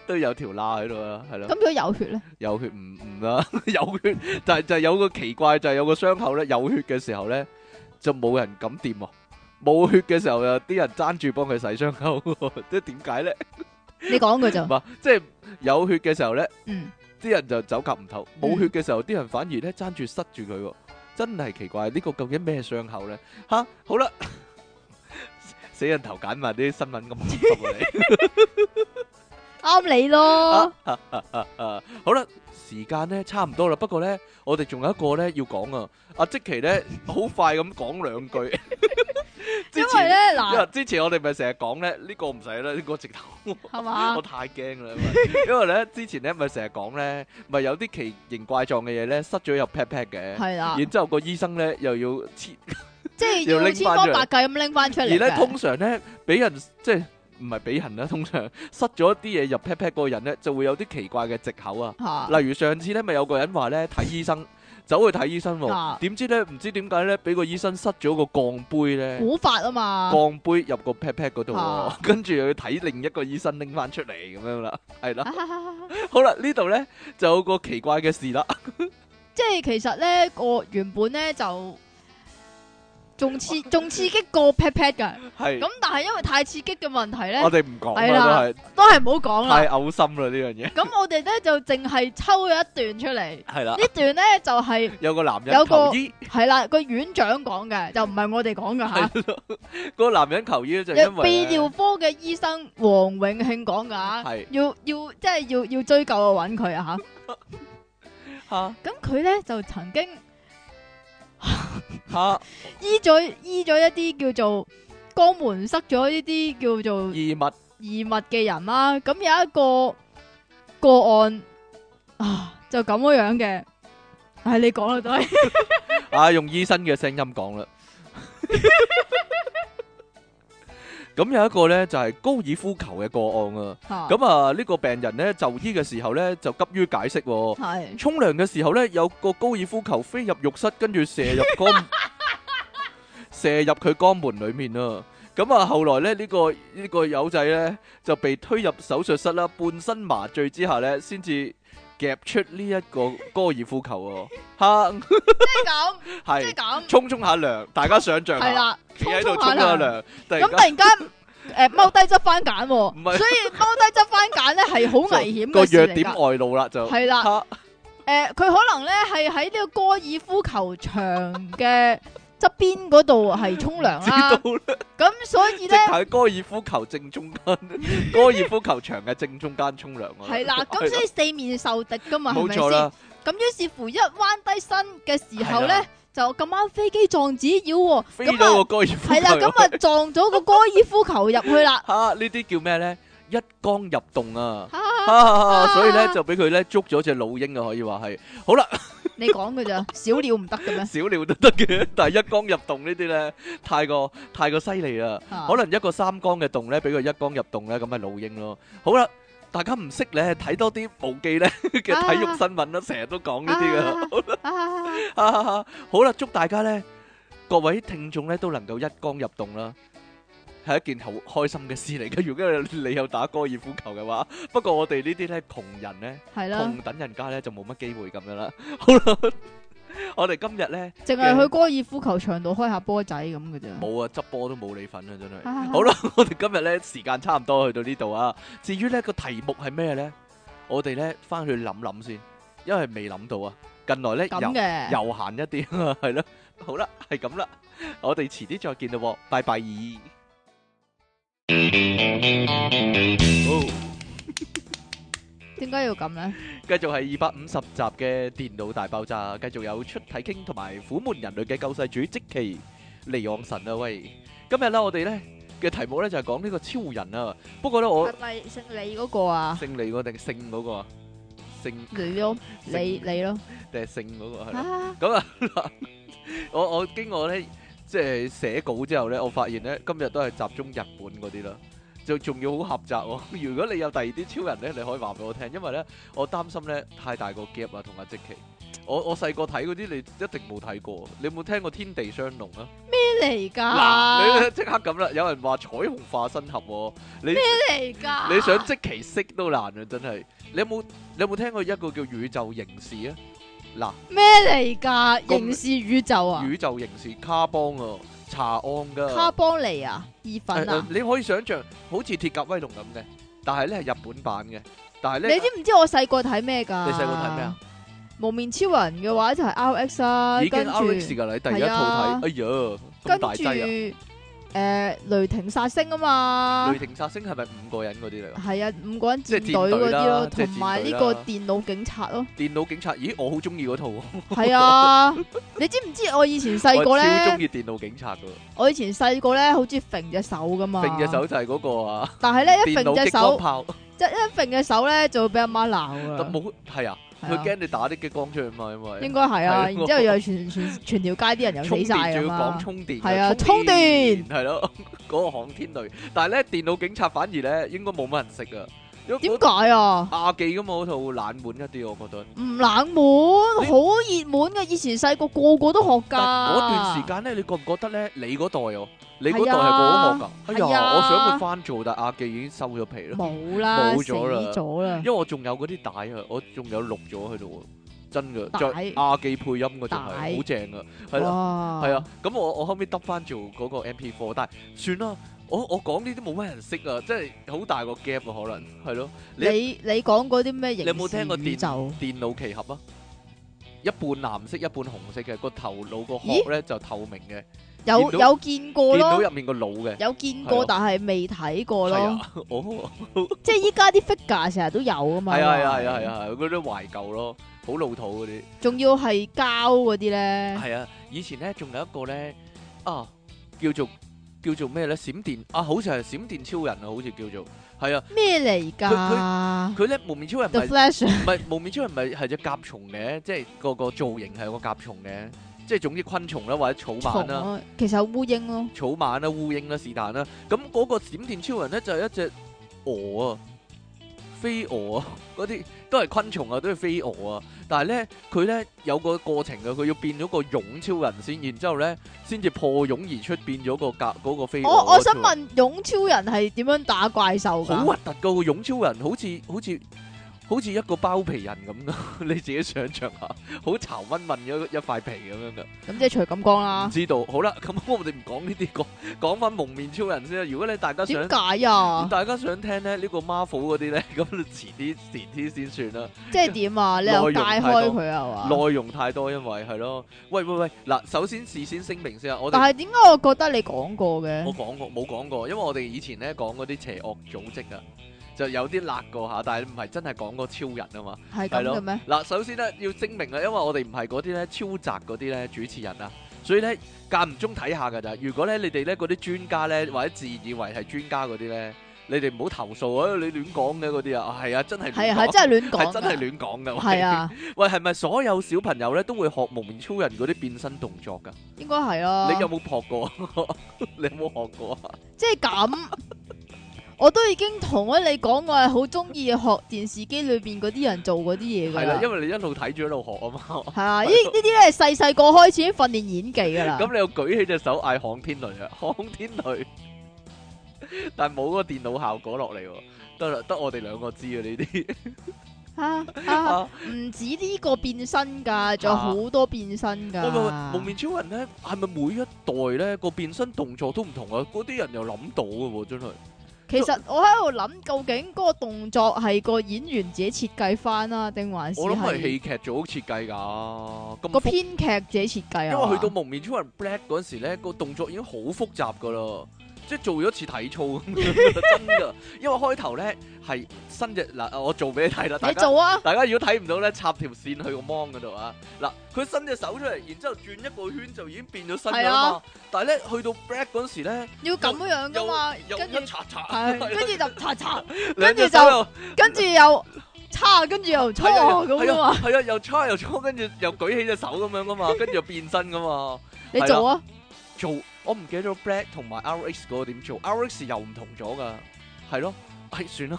Speaker 2: 都有條罅喺度啊。係咯。咁如果有血咧？有血唔唔啦，啊、 有血就係、就係、有個奇怪，就係、係、有個傷口咧。有血嘅時候咧，就冇人敢掂啊。冇血嘅時候又啲人爭住幫佢洗傷口，即係點解咧？
Speaker 1: 你講佢就唔
Speaker 2: 係，即係有血嘅時候咧，嗯，啲人就走夾唔唞。冇血嘅時候，啲人反而咧爭住塞住佢，真係奇怪。呢、呢個究竟咩傷口咧？吓，好啦。 死人頭揀埋啲新聞咁啱你啱 你咯、 啊啊啊啊啊，好啦，時間咧差唔多啦，不過咧我哋仲有一個咧要講啊，阿、啊、積淇咧好快咁講兩句，之前咧嗱，之前我哋咪成日講咧呢個唔使啦，呢個直頭係嘛，我太驚啦，因為咧之前咧咪成日講咧咪有啲奇形怪狀嘅嘢咧，塞咗入 pat pat 嘅，係啦的，的然後之後個醫生咧又要切。 即係要千方百計
Speaker 1: 咁拎翻出嚟。而咧呢通
Speaker 2: 常咧，俾人 即係唔係俾人啦，通常塞咗啲嘢入 pat pat 個人咧，就會有啲奇怪嘅借口啊。啊例如上次咧，咪有個人話咧睇醫生，走去睇醫生、啊，點、啊、知咧唔知點解咧，俾個醫生塞咗個鋼杯咧。古法啊
Speaker 1: 嘛。鋼
Speaker 2: 杯入個 pat pat 嗰度，啊、跟住又要睇另一個醫生拎翻出嚟咁樣啦、啊，係啦。好啦，呢度咧就有個奇怪嘅事啦。
Speaker 1: 即係其實咧，我原本咧就。仲刺仲刺激過 pat pat 噶，係咁是但係因為太刺激嘅問題咧，我哋唔講啦，的都係唔好講啦，太
Speaker 2: 嘔心啦呢樣嘢。
Speaker 1: 咁我哋咧就淨係抽咗一段出嚟，係啦的呢段咧就係、是、
Speaker 2: 有個男人求醫，
Speaker 1: 係啦個，個院長講嘅，就唔係我哋講噶
Speaker 2: 吓。啊那個男人求醫就因為泌尿
Speaker 1: 科嘅醫生黃永慶講噶吓，要即要即係要要追究我啊，揾佢 啊吓。吓咁佢咧就曾經 吓哈，醫咗醫咗一啲叫做肛門塞咗呢啲叫做異物異物嘅人啦，啊，咁有一個個案啊，就咁樣樣嘅，係、哎、你講啦都
Speaker 2: 係， 啊用醫生嘅聲音講啦。 咁有一個咧就係高爾夫球嘅個案啊，咁啊呢個病人咧就醫嘅時候咧就急於解釋，沖涼嘅時候咧有個高爾夫球飛入浴室，跟住射入肛，射入佢肛門裏面啊，咁啊後來咧呢個呢個友仔咧就被推入手術室啦，半身麻醉之下咧先至。夾出呢一個高爾夫球哦，吓，即係咁，係即係咁，冲冲下涼，大家想象係啦，企喺度沖下涼，咁突然
Speaker 1: 間誒踎低執番揀，所以踎低執番揀咧係好危險個弱點外露啦，就係啦，誒佢可能咧係喺呢個高爾夫球場嘅。側邊嗰度係沖涼啦，咁所
Speaker 2: 以咧，即喺高爾夫球正中間，高爾夫球場嘅正中間沖涼啊！係啦，咁所以
Speaker 1: 四面受敵噶嘛，冇錯！咁於是乎，一彎低身嘅時候咧，就咁啱飛機撞紙鷂，咁係啦，咁啊撞咗個高爾夫球入去啦！
Speaker 2: 吓，呢啲叫咩咧？一桿入洞啊！所以咧就俾佢咧捉咗隻老鷹啊，可以話係，好啦。
Speaker 1: 你講嘅咋？
Speaker 2: 小鳥唔得嘅咩？小鳥都得嘅，但係一桿入洞呢啲咧太過太過犀利啊！可能一個三桿嘅洞咧，畀佢一桿入洞咧，咁咪老鷹咯。好啦，大家唔識咧，睇多啲毛記咧嘅體育新聞啦，成日、啊、都講呢啲噶。好啦，好啦，祝大家咧，各位聽眾咧都能夠一桿入洞啦。係一件好開心嘅事嚟嘅。如果你有打高爾夫球嘅話，不過我哋呢啲咧，窮人咧，係啦，窮等人家咧，就冇乜機會咁樣啦。好啦，我哋今日咧，淨係去
Speaker 1: 高爾夫球場度開下波仔咁嘅
Speaker 2: 啫。冇啊，執波都冇你份啊，真係。好啦，我哋今日咧時間差唔多去到呢度啊。至於呢個題目係咩咧，我哋咧翻去諗諗先，因為未諗到啊。近來咧悠悠閒一啲啊，係咯。好啦，係咁啦，我哋遲啲再見啦，喎拜拜。
Speaker 1: 好，點解要咁咧？
Speaker 2: 繼續係二百五十集嘅電腦大爆炸，繼續有出體 king 同埋虎門人類嘅救世主積淇離岸神啊！喂，今日咧我哋咧嘅題目咧就係講呢個超人啊！不過咧我係咪
Speaker 1: 姓李嗰個啊？
Speaker 2: 姓李個定姓嗰個啊？姓
Speaker 1: 李咯，李李咯，
Speaker 2: 定係姓嗰個係？咁啊，我我經過咧。即係寫稿之後咧，我發現咧今日都係集中日本嗰啲啦，就仲要好狹窄喎。如果你有第二啲超人咧，你可以話俾我聽，因為咧我擔心咧太大個 gap 啦，同阿積淇。我我細個睇嗰啲你一定冇睇過，你有冇聽過天地雙龍啊？
Speaker 1: 咩嚟㗎？你
Speaker 2: 即刻咁啦，有人話彩虹化身盒喎。咩嚟
Speaker 1: 㗎？你想積
Speaker 2: 淇識都難啊，真係。你有冇你有冇聽過一個叫宇宙刑事啊？嗱，
Speaker 1: 咩嚟噶？刑事啦宇宙啊！
Speaker 2: 宇宙刑事卡邦啊！查案噶卡
Speaker 1: 邦嚟啊！意粉啊！Uh, uh,
Speaker 2: 你可以想象好似鐵甲威龍咁嘅，但係咧係日本版嘅，但係咧你知唔
Speaker 1: 知我細個睇咩噶？你細個睇咩啊？幪面超人嘅話就係 RX 啊！已經 RX 噶著你第一套睇，是啊、哎
Speaker 2: 呀咁大劑啊！
Speaker 1: 誒，雷霆殺星啊嘛！雷
Speaker 2: 霆殺星係咪五個人嗰啲嚟噶？係
Speaker 1: 啊，五個人戰隊嗰啲咯，同埋呢個電腦警察咯。
Speaker 2: 電腦警察，咦，我好中意嗰套。
Speaker 1: 係啊，你知唔知我以前細個咧？超中
Speaker 2: 意電腦警察噶。
Speaker 1: 我以前細個咧，好似揈隻手噶嘛。揈隻手
Speaker 2: 就係嗰個啊！但係咧，一揈隻手，即
Speaker 1: 一揈隻手咧，就會俾阿媽鬧啊。但冇，
Speaker 2: 係啊。佢驚你打啲激光出去嘛，因為應該係啊， 然之後又全
Speaker 1: 全全，全條街啲人又死曬仲 要講充、啊、 充電，係啊，充電
Speaker 2: 係咯，嗰 個航天類，但係咧，電腦警察反而咧，應該冇乜人識噶。點
Speaker 1: 解啊？
Speaker 2: 阿記噶嘛，嗰套冷門一啲。我覺得唔
Speaker 1: 冷門，好熱門嘅。以前細個個個都學噶。嗰段時
Speaker 2: 間咧，你覺唔覺得咧？你嗰代哦，你嗰代係個個學噶。哎呀，我想佢翻做，但阿記已經收咗皮啦。冇啦，冇咗啦，因為我仲有嗰啲帶啊，我仲有錄咗喺度，真嘅。帶阿記配音嘅仲係好正噶。哇！係啊，咁我我後尾得翻做嗰個 MP4，但係算啦。我我講呢啲冇咩人識啊，即係好大個 gap 啊，可能係咯。你
Speaker 1: 你講嗰啲咩型？你有冇聽過電
Speaker 2: 電腦奇俠啊？一半藍色一半紅色嘅個頭腦，個殼咧就透明嘅，有有見過咯。見到入面個腦嘅，有見過但
Speaker 1: 係未睇過咯。
Speaker 2: 哦，即
Speaker 1: 係依家啲 figure 成日都有啊嘛。係啊，係啊，係啊，係啊，
Speaker 2: 嗰啲懷舊咯，好老土嗰啲。
Speaker 1: 仲要係膠嗰啲咧？
Speaker 2: 係啊，以前咧仲有一個咧，啊叫做。叫做咩咧？閃電啊，好似係閃電超人啊，好似叫做係啊。咩嚟㗎？佢咧，蒙面超人唔係，唔係蒙面超人，唔係係隻甲蟲嘅，即係個個造型係個甲蟲嘅，即係總之昆蟲啦，或者草蜢啦、
Speaker 1: 啊。其實有烏蠅咯，
Speaker 2: 草蜢啦、啊、烏蠅啦、啊、是但啦。咁嗰個閃電超人咧就係、是、一隻鵝啊。飛蛾啊，嗰 啲都係昆蟲啊，都係飛蛾啊。但係咧，佢咧有個過程噶，佢要變咗個蛹超人先，然之後咧，先至破蛹而出變咗個格嗰個，個飛蛾。我我想問，
Speaker 1: 蛹超人係點樣打怪獸？好核
Speaker 2: 突嗰個蛹超人，好似好似。好似一個包皮人咁咯， 你自己想象下，好巢温問咗一塊皮咁樣噶。咁即係除咁講啦。就是、知道，好啦，咁我哋唔講呢啲個，講翻蒙面超人先啦。如果你大家點解呀？大家想聽咧呢個 Marvel 嗰啲咧，咁你遲啲遲啲先算啦。即係
Speaker 1: 點啊？你又帶開佢係嘛？內
Speaker 2: 容太多，開開太多因為係咯。喂喂喂，嗱，首先事先聲明先啊。我但係點
Speaker 1: 解我覺得你講過嘅？我
Speaker 2: 講過，冇講過，因為我哋以前咧講嗰啲邪惡組織噶。就有啲辣過吓，但係唔係真係講個超人啊嘛？係咁嘅咩？嗱，首先咧要證明啊，因為我哋唔係嗰啲咧超宅嗰啲咧主持人啊，所以咧間唔中睇下㗎咋。如果咧你哋咧嗰啲專家咧或者自以為係專家嗰啲咧，你哋唔好投訴啊！你亂講嘅嗰啲啊，係啊，真係係係真係亂講，係真係亂講㗎。係啊，喂，係咪所有小朋友咧都會學幪面超人嗰啲變身動作㗎？應
Speaker 1: 該係啊。你有
Speaker 2: 冇學過？你有冇學過啊？
Speaker 1: 即係咁。我都已經同咗你講，我係好中意學電視機裏邊嗰啲人做嗰啲嘢噶。係啦，因
Speaker 2: 為你一路睇住一路學啊嘛。 係啊，
Speaker 1: 呢呢啲咧細細個開始訓練演技噶啦。 咁
Speaker 2: 你又舉起手，啊啊，隻手嗌「航天雷」！「啊，航天雷」！但係冇嗰個電腦效果落嚟。得啦，得我哋兩個知啊呢啲。
Speaker 1: 唔止呢個變身噶，仲有好多變身噶，啊啊。我問，
Speaker 2: 蒙面超人咧係咪每一代咧個變身動作都唔同啊？嗰啲人又諗到噶喎，啊，真係。
Speaker 1: 其實我喺度諗，究竟嗰個動作係個演員自己設計翻啊，定還是，是我諗係
Speaker 2: 戲劇好設計噶？個編
Speaker 1: 劇自己設計啊？因為去到
Speaker 2: 蒙面超人 Black 嗰時咧，那個動作已經好複雜噶啦。即係做咗次體操，真噶！因為開頭咧係伸隻嗱，我做俾你睇啦。你做啊！大家如果睇唔到咧，插條線去個芒嗰度啊！嗱，佢伸隻手出嚟，然之後轉一個圈，就已經變咗身噶啦嘛。但係咧，去到 black 嗰時咧，
Speaker 1: 要咁樣噶嘛？又跟住就跟住
Speaker 2: 就擦擦，跟住就
Speaker 1: 跟住又叉，跟住又搓咁啊嘛！
Speaker 2: 係啊，又叉又搓，跟住又舉起隻手咁樣噶嘛，跟住又變身噶嘛。你做啊？做。我唔記得咗 Black 同埋 RX 嗰個點做，RX 又唔同咗噶，係咯，係、哎、算啦。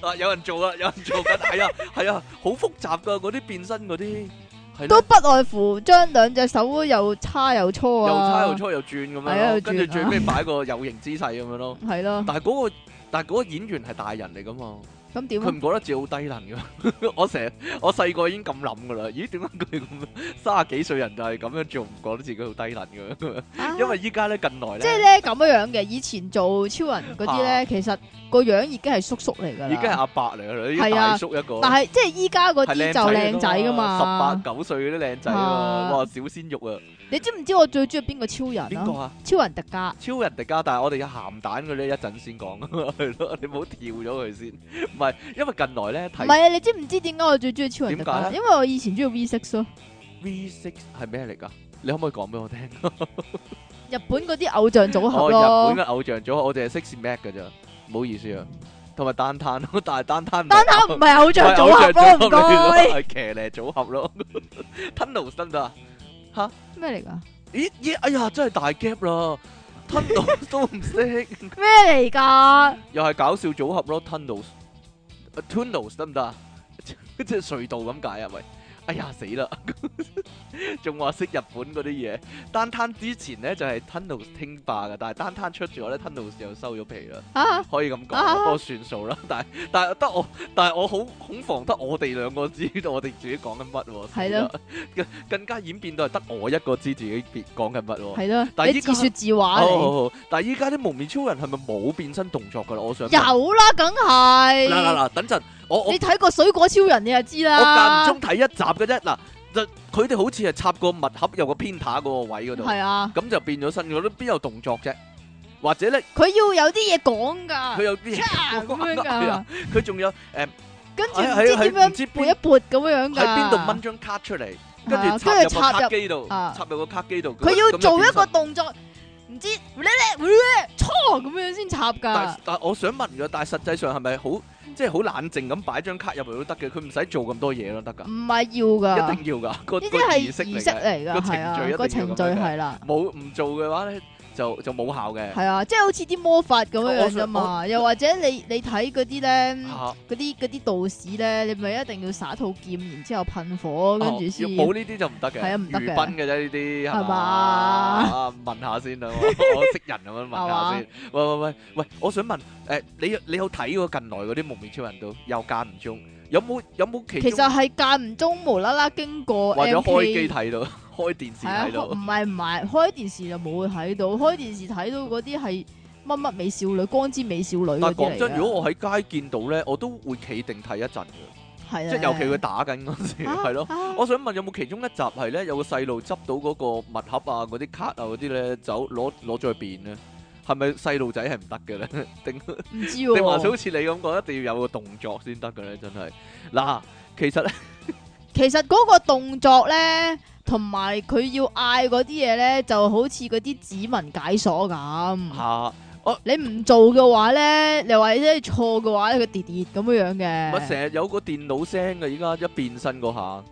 Speaker 2: 嗱、 啊，有人做啦，有人做緊，係 啊，係啊，好複雜噶，嗰啲變身嗰啲，都不
Speaker 1: 外乎將兩隻手又叉又搓，啊、又叉又搓
Speaker 2: 又轉咁樣，跟住最尾擺個有型姿勢咁樣咯，係、啊、咯。 咯但係嗰、嗰個，但係嗰個演員係大人嚟噶嘛。佢唔覺得自己好低能嘅， 我成日我細個已經咁諗嘅啦。咦？點解佢咁三十幾歲人就係咁樣做，唔覺得自己好低能嘅？ 因為依家咧近來咧，即係
Speaker 1: 咧咁樣嘅。以前做超人嗰啲咧，啊、其實個樣已經係叔叔嚟嘅啦，已經係阿
Speaker 2: 伯嚟嘅啦，啊、大叔一個。但係
Speaker 1: 即係依家嗰啲就靚、係、仔嘅嘛，十八
Speaker 2: 九歲嗰啲靚仔喎、啊，啊、哇，小鮮肉啊！
Speaker 1: 你知唔知我最中意邊個超人？邊個啊？超人迪迦。
Speaker 2: 超人迪迦，但係我哋有咸蛋嗰啲，一陣先講啊，係咯，你唔好跳咗佢先。唔係，因為近來咧睇。唔係啊，你
Speaker 1: 知唔知點解我最中意超人？點解？因為我以前中意 V6 咯。V6
Speaker 2: 係咩嚟噶你可唔可以講俾我聽？
Speaker 1: 日本嗰啲偶像組合咯。哦，日本嘅
Speaker 2: 偶像組合，我哋係 Six Man 噶咋，唔好意思啊。同埋單探，但係單探。單探唔係偶像組合，唔該。係騎呢組合咯，Tunnel 新咋？
Speaker 1: 嚇咩
Speaker 2: 嚟㗎？咦咦！哎呀，真係大 gap 啦，Tunnel 都唔識
Speaker 1: 咩嚟㗎？
Speaker 2: 又係搞笑組合咯，Tunnels，Tunnels 得唔得啊？即係隧道咁解，係咪？哎呀死啦！仲話識日本嗰啲嘢，單攤之前咧就係、是、Tunnel 聽霸嘅，但係單攤出咗咧，Tunnel 又收咗皮啦。啊、可以咁講，都、啊、算數啦。但係但係得我，但係我好恐防得我哋兩個知道我哋自己講緊乜。係咯，的更加演變到係得我一個知自己講緊乜咯。係咯的，但係自說自話嚟、啊。哦、好，好，好，但係依家啲蒙面超人係咪冇變身動作噶啦？我想有
Speaker 1: 啦，梗係。嗱嗱嗱，
Speaker 2: 等陣。你
Speaker 1: 睇過水果超人你就知啦。我間中
Speaker 2: 睇一集嘅啫，嗱，就佢哋好似係插個物盒有個偏塔嗰個位嗰度。係啊。咁就變咗身。我諗邊有動作啫？或者咧，
Speaker 1: 佢要有啲嘢講噶。佢有啲嘢咁樣
Speaker 2: 噶。佢仲有誒，跟住唔知點樣，
Speaker 1: 唔撥一撥咁樣噶。喺邊度
Speaker 2: 掹張卡出嚟，跟住跟住插入卡機度，插入個卡機度。佢要做一個
Speaker 1: 動作，唔知咧咧，錯咁樣先插噶。但
Speaker 2: 但我想問嘅，但係實際上係咪好？即係好冷靜咁擺張卡入嚟都得嘅，佢唔使做咁多嘢都得㗎。
Speaker 1: 唔係要㗎，一定
Speaker 2: 要㗎。呢啲係儀式嚟㗎，個的程序一、個程序係啦。冇唔做嘅話咧，就就冇效嘅，係
Speaker 1: 啊，即係好似啲魔法咁樣啫嘛，又或者你你睇嗰啲咧，嗰啲嗰啲道士咧，你咪一定要耍套劍，然之後噴火跟住先，冇呢啲就唔得嘅，係啊，唔得嘅，娛賓
Speaker 2: 嘅啫呢啲，係嘛？啊，問下先啊，我識人咁樣問下先。喂喂喂喂，我想問誒，你你有睇過近來嗰啲蒙面超人都又間唔中有冇有冇其其實係
Speaker 1: 間唔中無啦啦經過，或者開機睇
Speaker 2: 到。開電視
Speaker 1: 唔係唔係，開電視就冇會睇到。開電視睇到嗰啲係乜乜美少女、光之美少女嗰啲嚟，但係講真，如果我喺
Speaker 2: 街見到咧，我都會企定睇一陣嘅，的即係尤其佢打緊嗰陣時係、啊、 咯。啊、我想問有冇其中一集係咧，有個細路執到嗰個物盒啊，嗰啲卡啊嗰啲咧，走攞攞咗去變咧，係咪細路仔係唔得嘅咧？定唔知啊、定話好似你咁講，一定要有個動作先得嘅咧，真係嗱、啊，其實 其
Speaker 1: 實嗰個動作咧。同埋佢要嗌嗰啲嘢咧，就好似嗰啲指紋解鎖咁。吓、啊，我你唔做嘅話咧，你或者錯嘅話，嘀嘀啊、常常一佢跌跌咁樣樣嘅。咪成
Speaker 2: 日有個電腦聲嘅，依家一變身嗰下，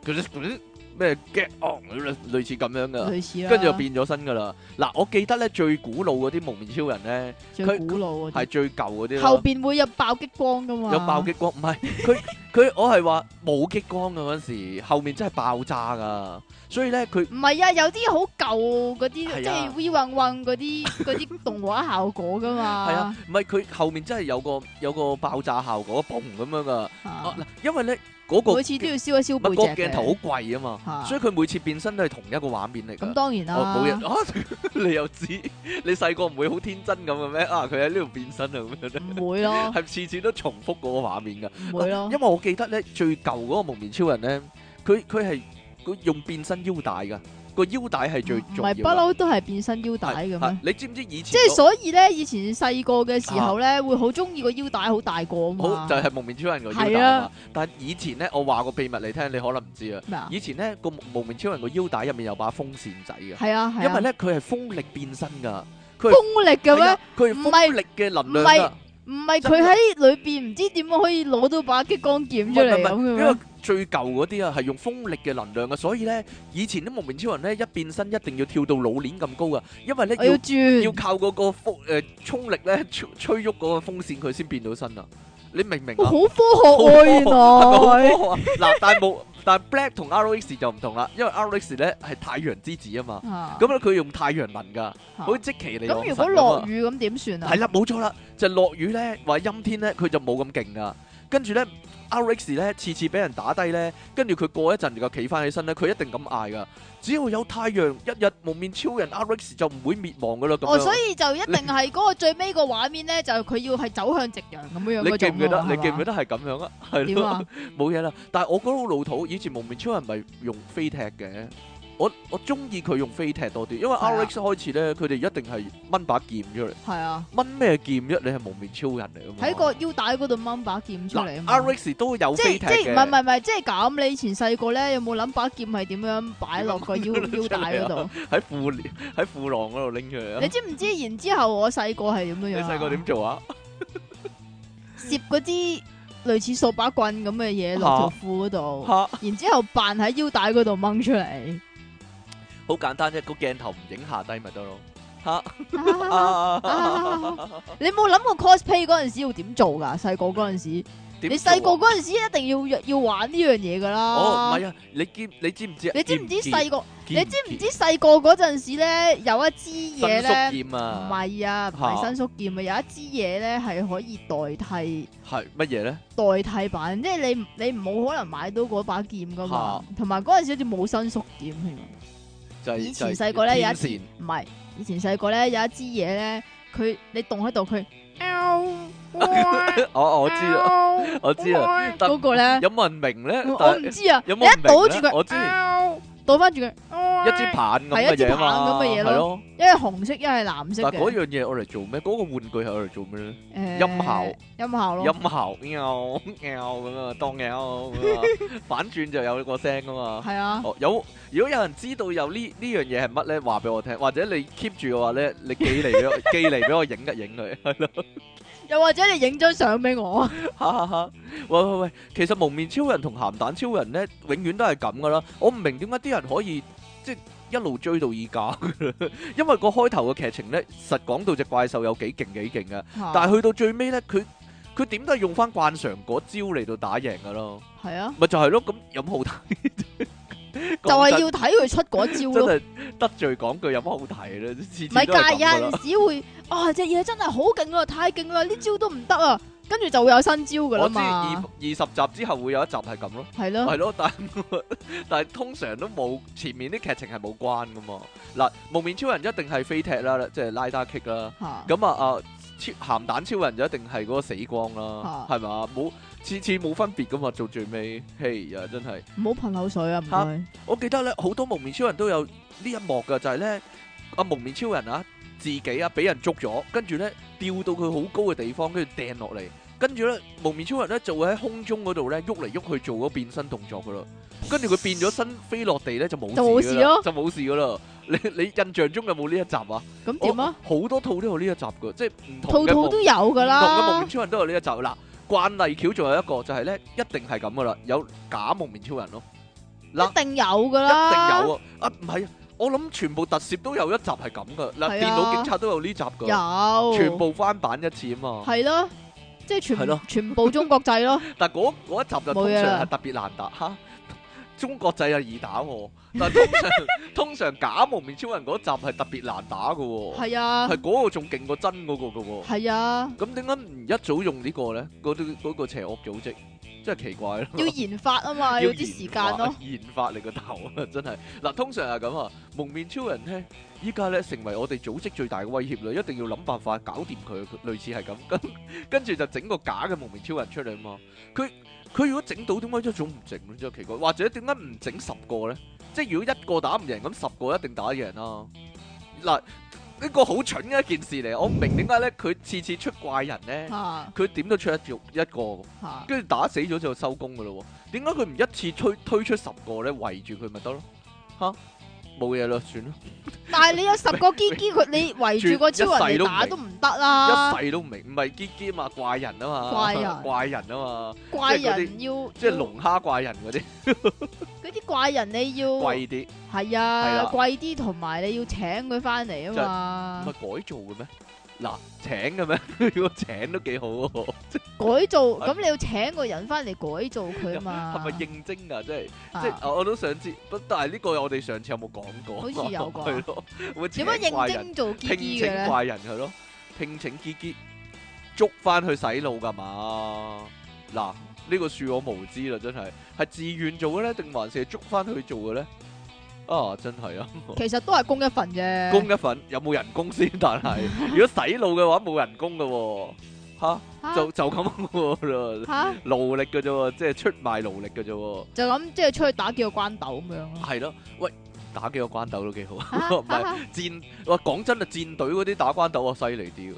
Speaker 2: 咩 get on 類似咁樣嘅，跟住就變咗身噶啦。嗱、啊，我記得咧最古老嗰啲幪面超人咧，佢古老係最舊嗰啲。後
Speaker 1: 邊會有爆激光有爆激光有激光噶嘛？有爆
Speaker 2: 激光，唔係佢佢我係話冇激光噶嗰時，後面真係爆炸噶。所以咧，佢
Speaker 1: 唔係啊，有啲好舊嗰啲，即係 v 運運嗰啲嗰啲動畫效果噶嘛。係啊，
Speaker 2: 唔係佢後面真係有個有個爆炸效果，嘣咁樣噶。啊，嗱，因為咧嗰個每次都要燒一燒背脊嘅。個鏡頭好貴啊嘛，所以佢每次變身都係同一個畫面嚟。咁當然啦。冇人啊！你又知你細個唔會好天真咁嘅咩？啊，佢喺呢度變身啊咩咧？唔會咯，係次次都重複嗰個畫面噶。唔會咯。因為我記得咧，最舊嗰個蒙面超人咧，佢佢係。用變身腰帶噶，個腰帶係最重要、嗯。不嬲
Speaker 1: 都係變身腰
Speaker 2: 帶噶嘛，你知唔知以前？即係所
Speaker 1: 以咧，以前細個嘅時候咧，啊、會好中意個腰帶好大個啊嘛。好就係、是、
Speaker 2: 幪面超人個腰帶、啊、但係以前咧，我話個秘密嚟聽，你可能唔知啊。以前咧，個幪面超人個腰帶入面有把風扇仔嘅。係啊，啊因為咧，佢係風力變身噶，佢風力嘅咩？佢係風力嘅能量。
Speaker 1: 唔係佢喺裏邊唔知點樣可以攞到把激光劍出嚟，因為
Speaker 2: 最舊嗰啲啊係用風力嘅能量啊，所以咧以前啲蒙面超人咧一變身一定要跳到老鏈咁高噶，因為咧要要靠嗰個風誒衝力咧吹喐嗰個風扇佢先變到身啊。你明唔明好科學喎、啊，原來。嗱、啊， 但係冇，但係 Black 同 RX o 就唔同啦，因為 RX o 咧係太陽之子啊嘛。咁咧佢用太陽能㗎，啊、好似積淇嚟。咁如果落
Speaker 1: 雨咁點算啊？係啦，
Speaker 2: 冇錯啦，就落雨咧，或者陰天咧，佢就冇咁勁㗎。跟住咧。阿 RX 咧，次次俾人打低咧，跟住佢過一陣就企翻起身咧，佢一定咁嗌噶。只要有太陽，一日蒙面超人 RX 就唔會滅亡噶啦。咁哦，所以
Speaker 1: 就一定係嗰個最尾個畫面咧， 就佢要係走向夕陽咁樣樣。你記唔記得？吧你記唔記得係
Speaker 2: 咁樣，樣啊？係冇嘢啦。但係我覺得好老土。以前蒙面超人咪用飛踢嘅。我我中意佢用飛踢多啲，因為 RX 開始咧，佢哋、啊、一定係掹把劍出嚟。係
Speaker 1: 啊，掹咩
Speaker 2: 劍？一，你係蒙面超人嚟噶嘛？喺個
Speaker 1: 腰帶嗰度掹把劍出嚟。RX 都有飛踢嘅。即即唔係唔係唔係，即係咁。你以前細個咧有冇諗把劍係點樣擺落個腰、啊、腰帶嗰度？
Speaker 2: 喺褲喺褲浪嗰度拎出嚟、啊。你知
Speaker 1: 唔知？然之後我細個係點樣、啊？你細個點做啊？攝嗰支類似掃把棍咁嘅嘢落條褲嗰度，啊、然之後,後扮喺腰帶嗰度掹出嚟。
Speaker 2: 好簡單啫，個鏡頭唔影下低咪得咯吓。你
Speaker 1: 冇諗過 cosplay 嗰陣時要點做噶？細個嗰陣時，你細個嗰陣時一定要要玩呢樣嘢噶啦。
Speaker 2: 哦，唔係啊，你知你知唔知？你知唔知細個？你知唔知
Speaker 1: 細個嗰陣時咧有一支嘢咧？唔係啊，唔係伸縮劍啊，有一支嘢咧係可以代替
Speaker 2: 係乜嘢咧？
Speaker 1: 代替版，即係你你冇可能買到嗰把劍噶嘛，同埋嗰陣時好似冇伸縮劍添。
Speaker 2: 以前細個咧有一次，
Speaker 1: 唔係以前細個咧有一支嘢咧，佢你凍喺度佢，
Speaker 2: 我我知啦，我知啦，嗰個咧有冇人明咧？我唔但知啊，一堵住佢。我知 倒翻住佢，oh，一支棒咁嘅嘢，嘛，係咯，喲因
Speaker 1: 為紅色因為藍色嗱，嗰樣
Speaker 2: 嘢我嚟做咩？嗰、那個玩具係我嚟做咩咧？欸、音效，音效咯，音效，拗拗咁啊，當拗，反轉就有個聲噶嘛。係啊，有如果有人知道有呢呢樣嘢係乜咧，話俾我聽，或者你 keep 住嘅話咧，你寄嚟， 寄嚟俾我影一影佢，係咯。
Speaker 1: 又或者你影張相俾我啊！
Speaker 2: 喂喂喂，其實蒙面超人同咸蛋超人呢，永遠都係咁噶啦。我唔明點解啲人可以即係一路追到而家，因為個開頭嘅劇情呢，實講到隻怪獸有幾勁幾勁啊。但係去到最尾呢，佢佢點都係用翻慣常嗰招嚟到打贏噶咯。係啊，咪就係咯，咁有咩好睇？就係要睇佢出嗰招咯，得罪講句有乜好睇咧？唔係噶，有陣時
Speaker 1: 會啊，隻嘢真係好勁啊，太勁啦，呢招都唔得啊，跟住就會有新招噶啦嘛。我知二
Speaker 2: 二十集之後會有一集係咁咯，係咯，係咯，但係但係通常都冇前面啲劇情係冇關噶嘛。嗱，幪面超人一定係飛踢啦，即係拉打踢啦，咁啊啊。鹹蛋超人就一定係嗰個死光啦，係嘛，冇次次冇分別噶嘛，做最尾，嘿呀，真係。
Speaker 1: 唔好噴口水啊！唔
Speaker 2: 好。我記得咧，好多蒙面超人都有呢一幕噶，就係咧，阿蒙面超人啊，自己啊，俾人捉咗，跟住咧吊到佢好高嘅地方，跟住掟落嚟，跟住咧蒙面超人咧就會喺空中嗰度咧喐嚟喐去做個變身動作噶啦，跟住佢變咗身飛落地咧就冇事啦，就冇事噶啦。你你印象中有冇呢一集啊？咁點啊？好多套都有呢一集嘅，即係唔同嘅套套都有噶啦。同嘅蒙面超人都有呢一集啦。慣例橋仲有一個就係、係、咧，一定係咁噶啦，有假蒙面超人咯。一定有噶啦。一定有啊！啊唔係，我諗全部特攝都有一集係咁噶。嗱，是啊、電腦警察都有呢集噶。有。全部翻版一次嘛啊嘛。係
Speaker 1: 咯，即係全係咯，是啊、全部中國製咯
Speaker 2: 但。但係嗰一集就通常係特別難打嚇。事中國仔又易打喎，但係通常通常假幪面超人嗰集係特別難打噶，係啊，係嗰個仲勁過真嗰個噶，係啊。咁點解唔一早用呢個咧？嗰啲嗰個邪惡組織真係奇怪咯。要研
Speaker 1: 發啊嘛，要啲時間咯。
Speaker 2: 研發你個頭啊，真係。嗱，通常係咁啊，幪面超人咧，依家咧成為我哋組織最大嘅威脅啦，一定要諗辦法搞掂佢，類似係咁。咁跟住就整個假嘅幪面超人出嚟啊嘛，佢。佢如果整到，點解一早唔整呢？真係奇怪。或者點解唔整十個呢？即、就、係、是、如果一個打唔贏，咁十個一定打贏啦。嗱，呢、這個好蠢嘅一件事嚟，我唔明點解呢，佢次次出怪人呢，佢點、啊、都出得組一個，跟住、啊、打死咗就收工㗎咯。點解佢唔一次推推出十個呢？圍住佢咪得咯？嚇、啊！冇嘢咯，算咯。
Speaker 1: 但係你有十個堅堅佢， 你圍住個超人嚟 打都唔得啦。一世
Speaker 2: 都唔明，唔係堅堅嘛怪人啊嘛，怪人嘛怪人啊嘛，怪人即要即係龍蝦怪人嗰啲。要
Speaker 1: 嗰啲怪人你要貴啲，係啊，貴啲同埋你要請佢翻嚟啊嘛，唔係
Speaker 2: 改造嘅咩？嗱，請嘅咩？如果請都幾好喎，
Speaker 1: 改造咁你要請個人翻嚟改造佢吖嘛？係
Speaker 2: 咪應徵啊？即係即係，我都想知，但係呢個我哋上次有冇講過？好似有啩，係咯，會請怪人，聘請怪人係咯，聘請 Kiki 捉翻去洗腦㗎嘛？嗱。呢個恕我無知啦，真係係自願做嘅咧，定還是捉翻去做嘅咧？啊，真係啊！其實
Speaker 1: 都係供一份啫，供
Speaker 2: 一份 有冇人工先？但係 如果洗腦嘅話冇人工噶、啊，吓哈就就咁、啊，勞哈 力嘅啫、啊，即、就、係、是、出賣勞力嘅啫、啊，
Speaker 1: 就咁即係出去打幾個關斗咁樣。
Speaker 2: 係咯，喂，打幾個關斗都幾好啊！唔係戰，話講真啊，戰隊嗰啲打關斗啊，犀利啲。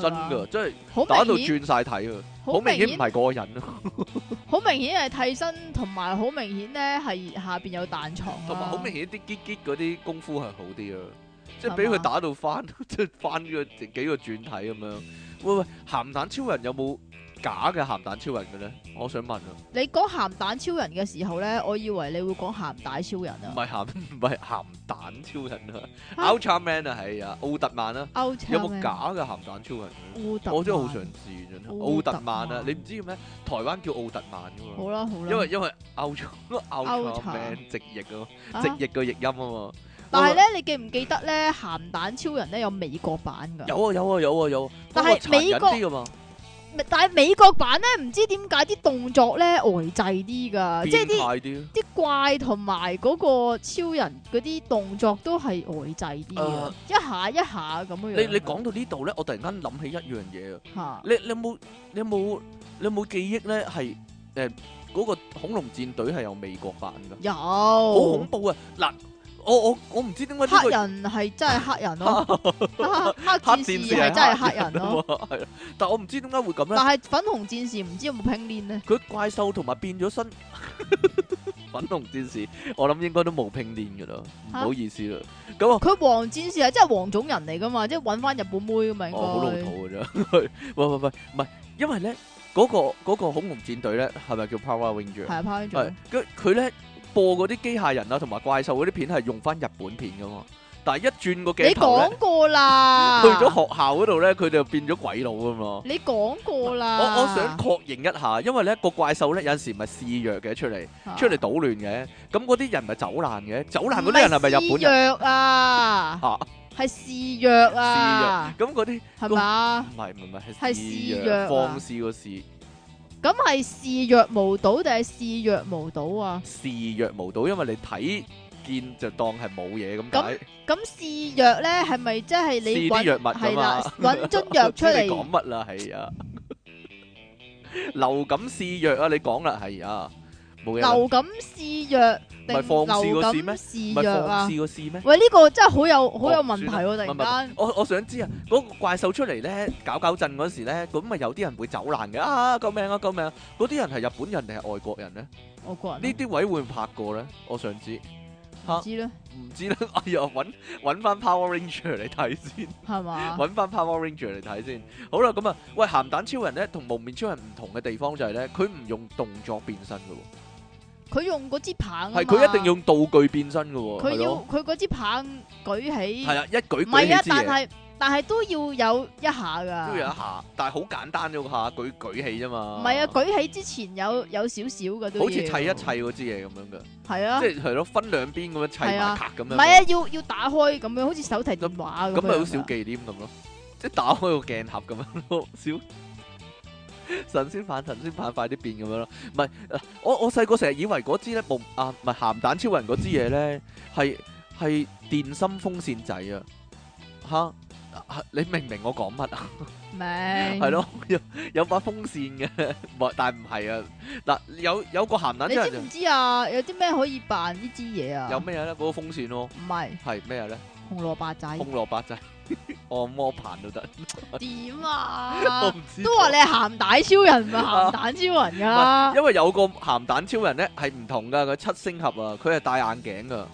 Speaker 2: 真噶，吧即係打到轉晒體啊！好明顯唔係個人咯，
Speaker 1: 好明顯係替身，同埋好明顯咧係下邊有彈床。同埋好明
Speaker 2: 顯啲積淇嗰啲功夫係好啲啊！即係俾佢打到翻，即係翻嗰幾個轉體咁樣。喂喂，鹹蛋超人有冇？假嘅鹹蛋超人嘅咧，我想問啊！
Speaker 1: 你講鹹蛋超人嘅時候咧，我以為你會講鹹蛋超人啊！
Speaker 2: 唔係鹹，唔係鹹蛋超人啊！Ultra Man 啊，係啊，奧特曼啊，有冇假嘅鹹蛋超人啊？我真係好想試啊！奧特曼啊，你唔知咩？台灣叫奧特曼噶嘛？好啦好啦，因為因為 Ultra Ultra Man 直譯啊，直譯嘅譯音啊嘛。但係咧，
Speaker 1: 你記唔記得咧鹹蛋超人咧有美國版嘅？有啊
Speaker 2: 有啊有啊有，但係美國。
Speaker 1: 但係美國版咧，唔知點解啲動作咧呆滯啲噶，即係啲啲怪同埋嗰個超人嗰啲動作都係呆滯啲啊，
Speaker 2: 一下一下咁樣。你你講到呢度咧，我突然間諗起一樣嘢吓，你你有冇你有冇你有冇記憶咧？係誒嗰個恐龍戰隊係有美國版噶，有
Speaker 1: 好
Speaker 2: 恐怖啊！嗱。
Speaker 1: 我我我唔知點解黑人係真係黑人咯，
Speaker 2: 黑戰士係真係黑人咯，但係我唔知點解會咁咧。但係粉紅戰士唔知有冇拼練咧。佢怪獸同埋變咗身，粉紅戰士，我諗應該都冇拼練噶啦，唔好意思啦。
Speaker 1: 咁啊，佢黃戰士係真係黃種人嚟噶嘛，即係搵翻日本妹噶嘛。哦，好老土
Speaker 2: 噶啫。唔係唔係唔係，因為咧嗰個嗰個恐龍戰隊咧，係咪叫 Power Rangers？係啊，Power Rangers。佢佢咧。播嗰啲機械人啊，同埋怪獸嗰啲片係用翻日本片㗎嘛。但係一轉個鏡頭咧，講
Speaker 1: 過 去咗
Speaker 2: 學校嗰度咧，佢哋就變咗鬼佬㗎嘛。你
Speaker 1: 講過啦。我我想
Speaker 2: 確認一下，因為咧個怪獸咧有時唔係肆虐嘅出嚟，啊、出嚟搗亂嘅，咁嗰啲人咪走難嘅，走難嗰啲人係咪日本人？虐啊啊！嚇，
Speaker 1: 係肆虐啊。肆虐、啊。
Speaker 2: 咁嗰啲係咪？唔係唔係唔係，係肆虐。放肆、那個肆。
Speaker 1: 咁係視若無睹定係視若無睹啊？
Speaker 2: 視若無睹，因為你睇見就當係冇嘢咁解。咁
Speaker 1: 咁視藥咧，係咪即係你？試啲藥物噶嘛？揾樽藥出嚟。講
Speaker 2: 乜啦？係啊，流感視藥啊，你講啦？係啊。流
Speaker 1: 感肆虐定放試過試咩？物放試過試咩？喂，呢個真係好有好有問題喎！突然間，
Speaker 2: 我我想知啊！嗰個怪獸出嚟咧，搞搞震嗰陣時咧，咁咪有啲人會走難嘅啊！救命啊！救命！嗰啲人係日本人定係外國人咧？外國人呢啲位會唔拍過咧？我想知，唔知咧，唔知咧。哎呀，揾揾翻 Power Ranger 嚟睇先，係嘛？揾翻 Power Ranger 嚟睇先。好啦，咁啊，喂，鹹蛋超人咧同幪面超人唔同嘅地方就係咧，佢唔用動作變身嘅。
Speaker 1: 佢用嗰支棒係，佢一定用
Speaker 2: 道具變身嘅喎。啊，佢要
Speaker 1: 佢嗰支棒舉起。係啊，一舉，舉。係啊，但係但係都要有一下噶。都要有
Speaker 2: 一下，但係好簡單咯，下舉舉起啫嘛。唔係
Speaker 1: 啊，舉起之前有有少少嘅都。好似砌一
Speaker 2: 砌嗰支嘢咁樣嘅，係啊。即係咯，分兩邊咁樣砌密咁樣。唔係對啊，啊，
Speaker 1: 要要打開咁樣，好似手提電話咁。咁咪好少
Speaker 2: 忌廉咁咯，即係打開個鏡盒咁樣咯，少。神仙扮，神仙扮，快啲變咁樣咯，唔係，我我細個成日以為嗰支咧夢啊，唔係鹹蛋超人嗰支嘢咧，係係電心風扇仔啊，吓，你明唔明我講乜啊？明白，係咯， 有把風扇嘅，但係唔係啊，嗱有有個鹹蛋，你知唔知
Speaker 1: 啊？有啲咩可以扮呢
Speaker 2: 支嘢啊？有咩咧啊？嗰個風扇咯，唔係是，係咩咧？呢
Speaker 1: 紅蘿蔔仔，紅
Speaker 2: 蘿蔔仔。按摩棒都得？
Speaker 1: 點、 嗯、 啊？ 我唔知都話你係鹹、啊 啊、蛋超人啊？鹹蛋超人啊！
Speaker 2: 因為有個鹹蛋超人咧係唔同噶，佢七星俠啊，佢係戴眼鏡噶，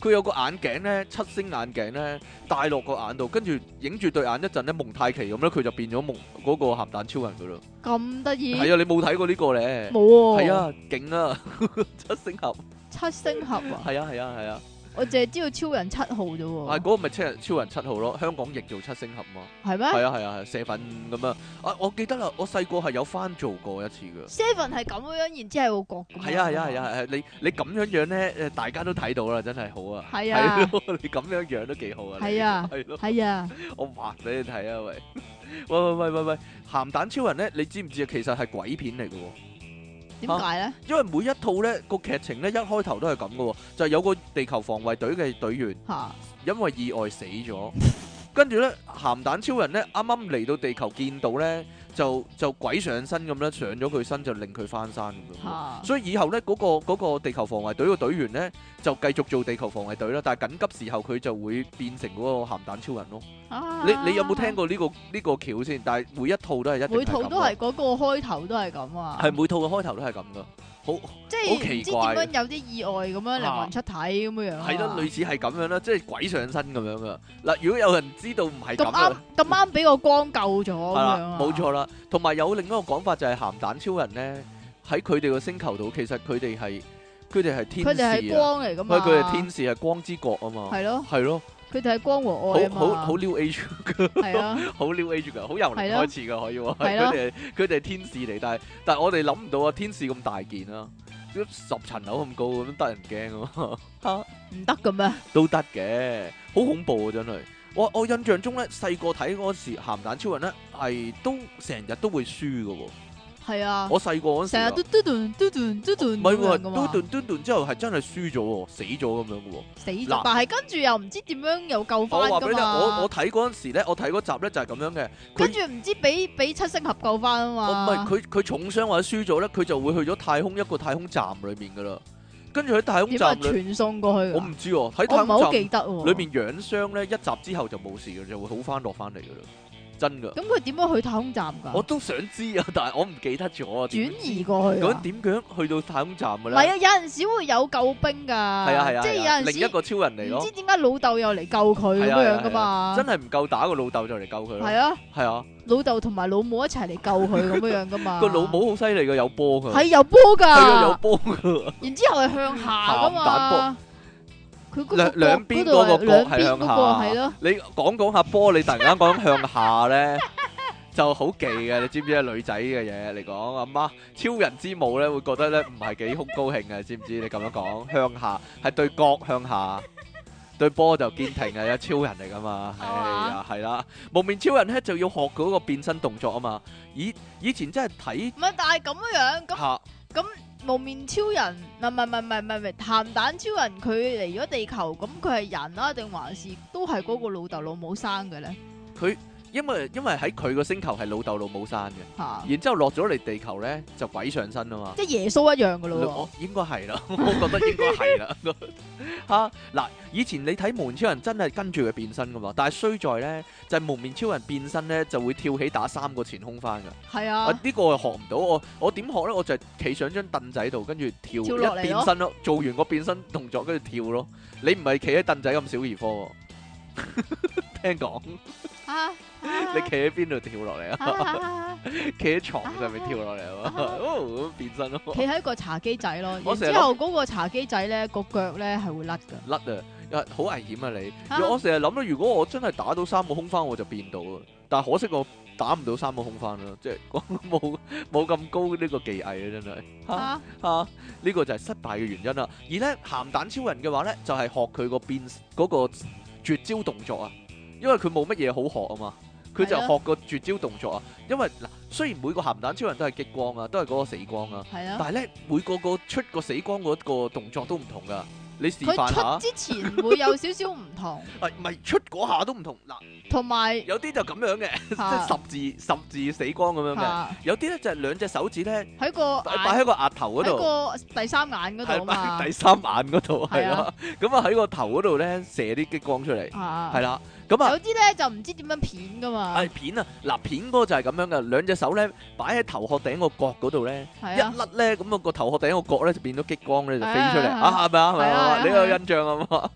Speaker 2: 佢有個眼鏡咧，七星眼鏡咧戴落個眼度，跟住影住對眼一陣咧蒙太奇咁咧，佢就變咗蒙嗰個鹹蛋超人噶啦。
Speaker 1: 咁得意？係啊，
Speaker 2: 你冇睇過呢個咧？冇啊？係啊，勁啊！七星俠，
Speaker 1: 七星俠啊？
Speaker 2: 係啊，係啊，係啊。
Speaker 1: 我淨係知道超人七號啫喎，
Speaker 2: 係嗰個咪超人超人七號咯，香港譯做七星俠嘛，係咩？係啊係啊係，seven 咁樣啊，啊我記得啦，我細個係有翻做過一次噶，seven 係
Speaker 1: 咁樣，然之後我講嘅，係啊係啊
Speaker 2: 係啊係，你你咁樣樣咧，誒大家都睇到啦，真係好啊，係啊，你咁樣樣都幾好啊，係啊，係咯，係啊，我畫俾你睇啊，喂，喂喂喂喂，咸蛋超人咧，你知唔知啊？其實係鬼片嚟噶喎。點解咧？因為每一套咧，個劇情咧，一開頭都係咁嘅，就係有個地球防衛隊嘅隊員，因為意外死咗，跟住咧，鹹蛋超人咧啱啱嚟到地球見到咧。就就鬼上身咁啦，上咗佢身就令佢翻山咁咯。啊、所以以後呢，嗰、嗰個嗰個地球防衞隊嘅隊員呢，就繼續做地球防衞隊啦。但係緊急時候佢就會變成嗰個鹹蛋超人咯。
Speaker 1: 啊、你你有冇聽
Speaker 2: 過呢、呢個呢、呢個橋先？但係每一套都係一，每一套都係
Speaker 1: 嗰、嗰個開頭都係咁啊！
Speaker 2: 係每套嘅開頭都係咁噶。好即係好奇怪，唔知點樣
Speaker 1: 有啲意外咁樣靈魂出體咁樣樣，係咯類
Speaker 2: 似係咁樣啦，即係鬼上身咁樣噶嗱。如果有人知道唔係咁啱
Speaker 1: 咁啱俾個光救咗
Speaker 2: 冇錯啦，同埋、嗯、有另一個講法就係鹹蛋超人咧，喺佢哋個星球度，其實佢哋係佢哋係天使，佢哋係光嚟噶嘛，佢哋天使係光之國啊嘛，係咯係咯。
Speaker 1: 佢哋係光和愛好，嗎好，好、啊 好，
Speaker 2: 好 new age 嘅，好 new age 嘅，好柔嚟開始嘅可以喎。佢哋佢哋天使嚟，但係但係我哋諗唔到啊！天使咁大件啊，十層樓咁高咁都得人驚啊？
Speaker 1: 吓唔得嘅咩？
Speaker 2: 都得嘅，好恐怖啊！真係，我我印象中咧細個睇嗰時，時鹹蛋超人咧係都成日都會輸嘅喎、啊。
Speaker 1: 係啊，我細
Speaker 2: 個嗰陣成日嘟
Speaker 1: 嘟斷嘟斷嘟斷咁啊，嘟斷
Speaker 2: 嘟斷之後係真係輸咗，死咗咁樣嘅喎。死咗了，辣但係
Speaker 1: 跟住又唔知點樣又救翻嘛。我話俾你聽，我我
Speaker 2: 睇嗰陣時咧，我睇嗰集咧就係、是、咁樣嘅。跟住
Speaker 1: 唔知俾俾七星俠救翻啊嘛。唔係、哦，佢
Speaker 2: 佢重傷或者輸咗咧，佢就會去咗太空一個太空站裏面噶啦。跟住喺太空站咧，傳、啊、送過去。我唔知喎，喺太空站，我唔好記得喎。裏面養傷咧，一集之後就冇事嘅，就會好翻落翻嚟噶啦。真噶，咁
Speaker 1: 佢點樣去太空站噶？我
Speaker 2: 都想知啊，但係我唔記得咗啊。轉移過去，咁點樣去到太空站嘅咧？係啊，
Speaker 1: 有陣時會有救兵噶，係啊，係啊，即係有陣時另一個超人嚟咯。唔知點解老豆又嚟救佢咁樣噶嘛？真
Speaker 2: 係唔夠打個老豆就嚟救佢啦。係啊，係啊，
Speaker 1: 老豆同埋老母一齊嚟救佢咁樣噶嘛？個
Speaker 2: 老母好犀利噶，有波噶，係有
Speaker 1: 波㗎，係啊有波㗎。然之後係向下㗎嘛？兩兩邊嗰個角係向下，
Speaker 2: 你講講下波， 你突然間講向下咧，就好忌嘅。你知唔知啊？女仔嘅嘢嚟講，阿媽超人之母咧，會覺得咧唔係幾高高興嘅， 知唔知？你咁樣講向下係對角向下，對波就堅挺 啊！有超人嚟噶嘛？哎呀、啊，係啦，幪面超人咧就要學嗰個變身動作啊嘛。以以前真係睇，唔係
Speaker 1: 但係咁樣樣咁咁。 蒙面超人唔係唔係唔係唔係唔係唔係，鹹蛋超人佢嚟咗地球，咁佢係人啊，定還，還是都係嗰個老豆老母生嘅咧？
Speaker 2: 佢。因為因為喺佢個星球係老豆老母生嘅，啊、然之後落咗嚟地球咧就鬼上身啊嘛，即係耶穌一樣嘅咯喎，應該係啦， 我覺得應該係啦嚇。嗱、 啊，以前你睇門超人真係跟住佢變身嘅嘛，但係衰在咧就係、是、蒙面超人變身咧就會跳起打三個前空翻嘅，係啊，呢、啊這個係學唔到我，我點學咧？我就係企上張凳仔度跟住跳，跳一變身咯，做完個變身動作跟住跳咯，你唔係企喺凳仔咁小兒科喎。聽講，你企喺邊度跳落嚟啊？企喺床上面跳落嚟啊？變身咯！企喺
Speaker 1: 個茶幾仔咯，之後嗰個茶幾仔咧個腳咧係會
Speaker 2: 甩噶甩啊，好危險啊你！我成日諗到，如果我真係打到三個空翻，我就變到啦。但係可惜我打唔到三個空翻啦，即係我冇冇咁高呢個技藝啊，真係吓吓呢個就係失敗嘅原因啦。而咧鹹蛋超人嘅話咧，就係學佢個變嗰個。絕招動作啊，因為佢冇乜嘢好學啊嘛，佢就學個絕招動作啊，因為嗱，雖然每個鹹蛋超人都係激光啊，都係嗰個死光啊，的但係咧每個個出個死光嗰個動作都唔同噶。你示範下，出之前會有少少唔同。誒，唔係出嗰下都唔同。嗱，
Speaker 1: 同埋
Speaker 2: 有啲就咁樣嘅，即十字十字死光咁樣嘅。有啲咧就兩隻手指咧
Speaker 1: 喺個，擺喺個額頭嗰度，喺個第三眼嗰度，第
Speaker 2: 三眼嗰度，係咯。咁啊喺個頭嗰度咧射啲激光出嚟，係啦。有
Speaker 1: 啲咧就唔知點樣片噶嘛，
Speaker 2: 係片啊！嗱，片嗰個就係咁樣噶，兩隻手咧擺喺頭殼頂個角嗰度咧，一甩咧咁啊個頭殼頂個角咧就變咗激光咧就飛出嚟啊！係咪啊？你有印象啊嘛？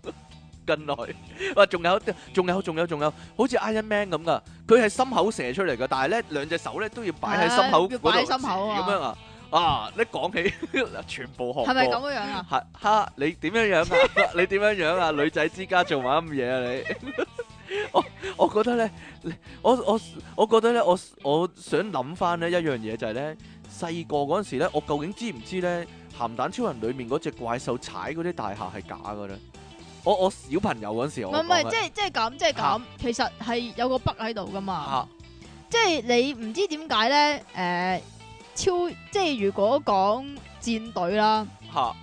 Speaker 2: 跟落去，喂！仲有仲有仲有仲有，好似 Iron Man 咁噶，佢係心口射出嚟噶，但係咧兩隻手咧都要擺喺心口嗰度，咁樣啊啊！你講起全部學，係咪咁樣啊？嚇你點樣樣啊？你點樣樣啊？女仔之家做埋咁嘢啊你？ 我我覺得咧，我我我覺得咧，我我想諗翻咧一樣嘢就係、是、咧，細個嗰陣時咧，我究竟知唔知咧《咸蛋超人》裏面嗰隻怪獸踩嗰啲大廈係假嘅咧？我我小朋友嗰陣時我，唔係唔係即係即係咁，
Speaker 1: 即係咁，就是就是啊、其實係有個筆喺度噶嘛，即係、啊、你唔知點解咧？誒、呃，超即係、就是、如果講戰隊啦，吓、啊。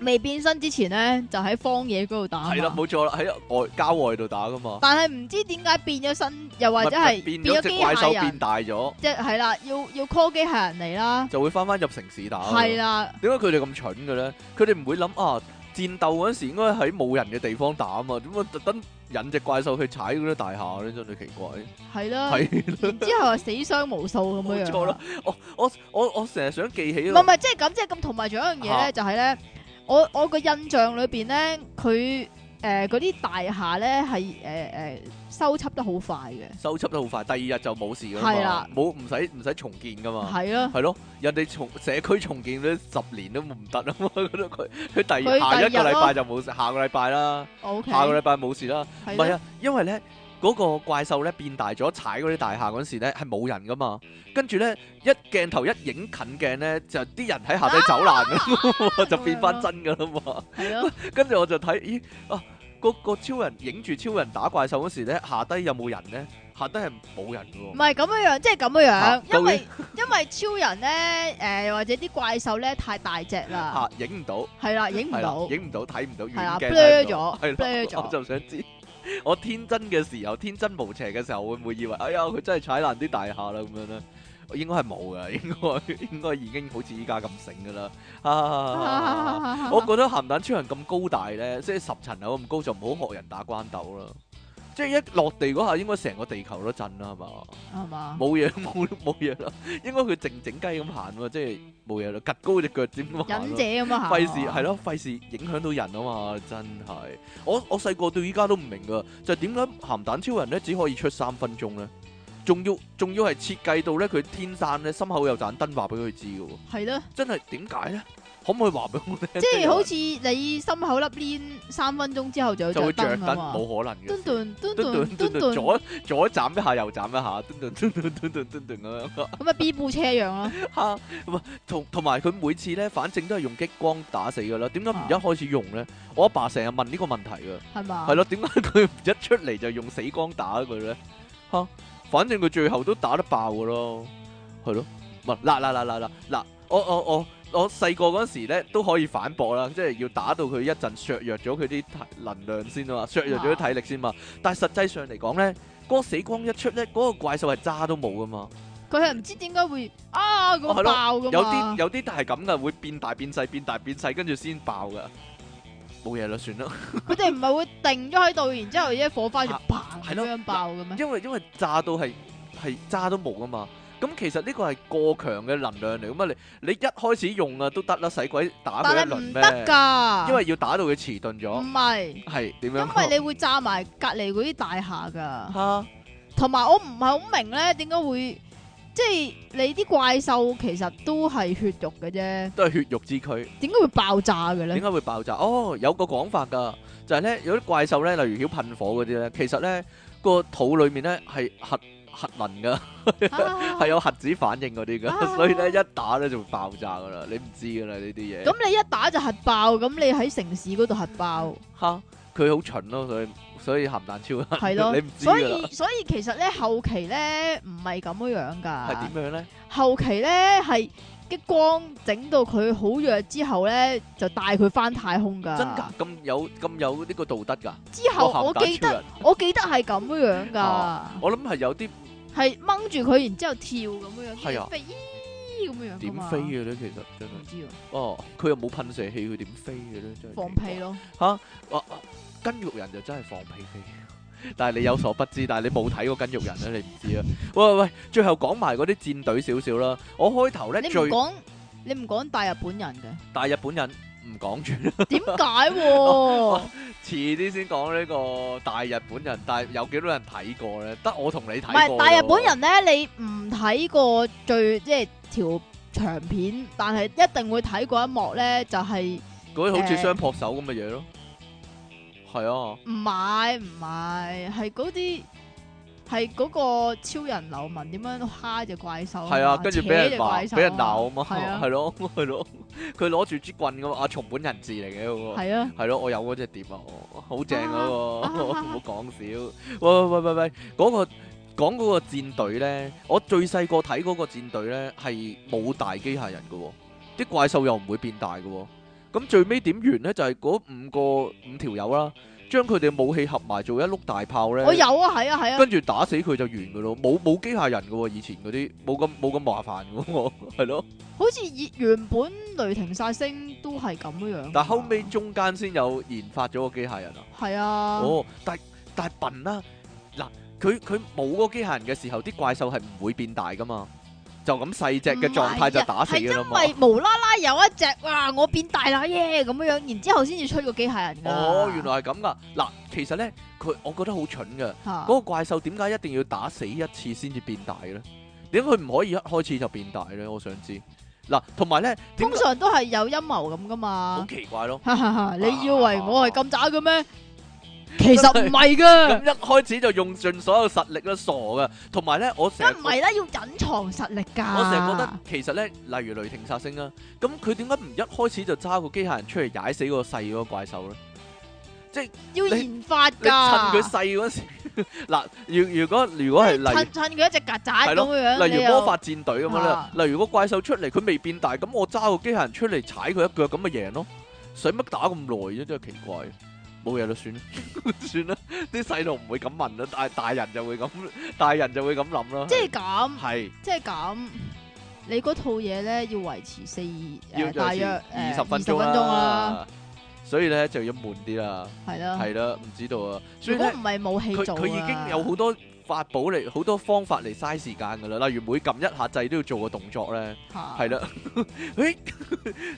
Speaker 1: 未變身之前咧，就喺荒野嗰度打。係啦，
Speaker 2: 冇錯啦，喺外郊外度打噶嘛。但係
Speaker 1: 唔知點解變咗身，又或者係變咗隻怪獸變
Speaker 2: 大咗，
Speaker 1: 即係啦，要要 call 機械人嚟啦，
Speaker 2: 就會翻翻入城市打。係啦的。點解佢哋咁蠢嘅咧？佢哋唔會諗啊，戰鬥嗰陣時應該喺冇人嘅地方打啊嘛。點解特登引隻怪獸去踩嗰啲大廈咧？真係奇怪。
Speaker 1: 係啦的。係的。之後係死傷無數咁樣。冇錯
Speaker 2: 啦。我我我我成日想記起個。唔係
Speaker 1: 即係咁，即係咁。同埋仲有一樣嘢咧，就係、是、咧。我我個印象裏邊咧，佢誒嗰啲大廈咧係誒誒修葺得好快
Speaker 2: 嘅，修葺得好快，快，第二日就冇事噶嘛，冇唔使唔使重建噶嘛，係咯，係咯，人哋重社區重建都十年都唔得啊嘛，佢 佢第二下一個禮拜就冇事，下個禮拜啦，下個禮拜冇事啦，唔係啊，因為咧。嗰個怪獸咧變大咗踩嗰啲大廈嗰時咧係冇人噶嘛，跟住咧一鏡頭一影近鏡咧就啲人喺下底走爛，就變翻真噶啦嘛。係咯。跟住我就睇，咦啊個超人影住超人打怪獸嗰時咧下低有冇人咧？下低係冇人噶喎。
Speaker 1: 唔係咁樣樣，即係咁樣樣，因為因為超人咧誒或者啲怪獸咧太大隻啦，
Speaker 2: 影唔到。係啦，影唔到，影唔到，睇唔到，遠鏡。係啦，我就想知。 我天真嘅時候，天真無邪嘅時候，會唔會以為哎呀佢真係踩爛啲大廈啦咁樣咧？應該係冇㗎，應該應該已經好似依家咁醒噶啦。哈哈哈哈 我覺得咸蛋超人咁高大呢，即係十層樓咁高，就唔好學人打關斗啦。即係一落地嗰下，應該成個地球都震啦，係嘛？係嘛？冇嘢，冇冇嘢咯。應該佢靜靜雞咁行喎，即係冇嘢咯。趷高隻腳尖咁行？忍者啊嘛，費事係咯，費事影響到人啊嘛，真係我我細個到依家都唔明噶，就點解鹹蛋超人咧只可以出三分鐘咧？仲要仲要係設計到咧佢天生咧心口有盞燈，話俾佢知噶喎。係咯，真係點解咧？可唔可以話俾我聽？即係好似
Speaker 1: 你心口粒邊，三分鐘之後就就會著燈，冇可
Speaker 2: 能
Speaker 1: 嘅。左
Speaker 2: 左斬一下，右斬一下，咁
Speaker 1: 啊 B 部車一樣咯。
Speaker 2: 嚇，同同埋佢每次咧，反正都係用激光打死㗎啦。點解唔一開始用咧？我阿爸成日問呢個問題㗎。係嘛？係咯，點解佢唔一出嚟就用死光打佢咧？嚇，反正佢最後都打得爆㗎咯。係咯，唔啦啦啦啦啦，嗱我我我。我細個嗰時咧都可以反駁啦，即係要打到佢一陣削弱咗佢啲能量先啊嘛，削弱咗啲體力先嘛。但係實際上嚟講咧，嗰個死光一出咧，嗰個怪獸係渣都冇噶嘛。
Speaker 1: 佢係唔知點解會啊，佢會爆噶、哦、有啲
Speaker 2: 有啲但係咁噶，會變大變細，變大變細，跟住先爆噶。冇嘢啦，算啦。
Speaker 1: 佢哋唔係會定咗喺度，然之後依火花就、啊啊、爆
Speaker 2: 咁樣爆噶咩？因為因為炸到係係渣都冇噶嘛。咁其實呢個係過強嘅能量嚟，咁啊你你一開始用啊都得啦，使鬼打佢一輪咩？但係唔得㗎。因為要打到佢遲鈍咗。唔係，係點樣？因為你
Speaker 1: 會炸埋隔籬嗰啲大廈㗎。嚇！同埋我唔係好明咧，點解會即係你啲怪獸其實都係血肉嘅啫，
Speaker 2: 都係血肉之軀。
Speaker 1: 點解會爆炸嘅咧？點
Speaker 2: 解會爆炸？哦，有個講法㗎，就係咧有啲怪獸咧，例如啲噴火嗰啲咧，其實咧個肚裡面咧係核。核能噶，係 有核子反應嗰啲噶， 所以咧一打咧就會爆炸噶啦，你唔知噶啦呢啲嘢。咁
Speaker 1: 你一打就核爆，咁你喺城市嗰度核爆？
Speaker 2: 吓，佢好蠢咯、啊，所以所以咸蛋超人係咯，你唔知噶啦。所以
Speaker 1: 所以其實咧後期咧唔係咁樣樣噶。係點樣咧？後期咧係激光整到佢好弱之後咧，就帶佢翻太空噶。真噶？
Speaker 2: 咁有咁有呢個道德噶？之後、哦、我記得
Speaker 1: 我記得係咁樣樣噶、啊。
Speaker 2: 我諗係有啲。
Speaker 1: 係掹住佢，然之後跳咁樣樣，飛咁樣樣。點、啊、咦飛嘅咧？其實真係
Speaker 2: 唔知喎。哦，佢又冇噴射器，佢點飛嘅咧？真係放屁咯！嚇、啊，根、啊、肉人就真係放屁飛， 但係你有所不知，但係你冇睇過跟肉人咧，你唔知啊！ 喂喂，最後講埋嗰啲戰隊少少啦。我開頭咧，你唔講，
Speaker 1: 最你唔講大日本人嘅
Speaker 2: 大日本人。唔講住啦。點解喎？遲啲先講呢個大日本人，但係有幾多人睇過咧？得我同你睇過。唔係大日本人
Speaker 1: 咧，你唔睇過最即係條長片，但係一定會睇過一幕咧，就係
Speaker 2: 嗰啲好似雙撲、呃、手咁嘅嘢咯。係啊，唔
Speaker 1: 係唔係，係嗰啲。係嗰個超人劉文點樣蝦隻怪獸？係啊，跟住俾人鬧，俾人鬧
Speaker 2: 啊嘛，係咯，係咯，佢攞住支棍噶嘛，阿松本人字嚟嘅嗰個，係啊，係咯，我有嗰隻碟啊，好正嗰個，唔好講笑。喂喂喂喂，嗰個講嗰個戰隊咧，我最細個睇嗰個戰隊咧係冇大機械人噶，啲怪獸又唔會變大噶，咁最尾點完咧就係嗰五個五條友啦。將佢哋武器合埋做一碌大炮咧，我有啊，
Speaker 1: 係啊，係啊，跟
Speaker 2: 住打死佢就完噶咯，冇冇機械人噶，以前嗰啲冇咁冇咁麻煩噶，係 咯，啊，
Speaker 1: 好似以原本雷霆殺星都係咁樣，
Speaker 2: 但後尾中間先有研發咗個機械人啊，
Speaker 1: 係啊，哦，
Speaker 2: 但但係笨啦，嗱，佢佢冇個機械人嘅時候，啲怪獸係唔會變大噶嘛。就咁細隻嘅狀態就打死噶，因為無
Speaker 1: 啦啦有一隻哇，我變大啦耶咁樣，然之後先至出個機械人。
Speaker 2: 哦，原來係咁噶。嗱，其實咧佢，我覺得好蠢噶。嗰、啊、個怪獸點解一定要打死一次先至變大咧？點解佢唔可以一開始就變大咧？我想知。嗱、啊，同埋咧，通
Speaker 1: 常都係有陰謀咁噶嘛。好奇怪咯！ 你以為我係咁渣嘅咩？啊啊
Speaker 2: 其實唔係噶，咁一開始就用盡所有實力都傻噶。同埋咧，我一唔係咧
Speaker 1: 要隱藏實力噶。我成日覺得
Speaker 2: 其實咧，例如雷霆殺星吖，咁佢點解唔一開始就揸個機械人出嚟踩死個細嗰個怪獸咧？
Speaker 1: 即係要研發噶，趁佢細
Speaker 2: 嗰時。嗱， 如果如果如果係，趁佢
Speaker 1: 一隻曱甴例如魔法
Speaker 2: 戰隊咁樣啦，又例如個怪獸出嚟，佢未、啊、變大，咁我揸個機械人出嚟踩佢一腳，咁咪贏咯。使乜打咁耐啫？真係奇怪。冇嘢都算啦，算啦。啲細路唔會咁問啦，但係大人就會咁，大人就會咁諗啦。即係咁，係，
Speaker 1: 即係咁。你嗰套嘢咧要維持四，要大約二十分鐘啦、啊。
Speaker 2: 所以咧就要悶啲啦。係咯了，係咯了，唔知道啊。如果唔
Speaker 1: 係冇氣，佢佢已經有
Speaker 2: 好多。法寶嚟好多方法嚟嘥時間㗎啦，例如每撳一下掣都要做個動作咧，係啦，誒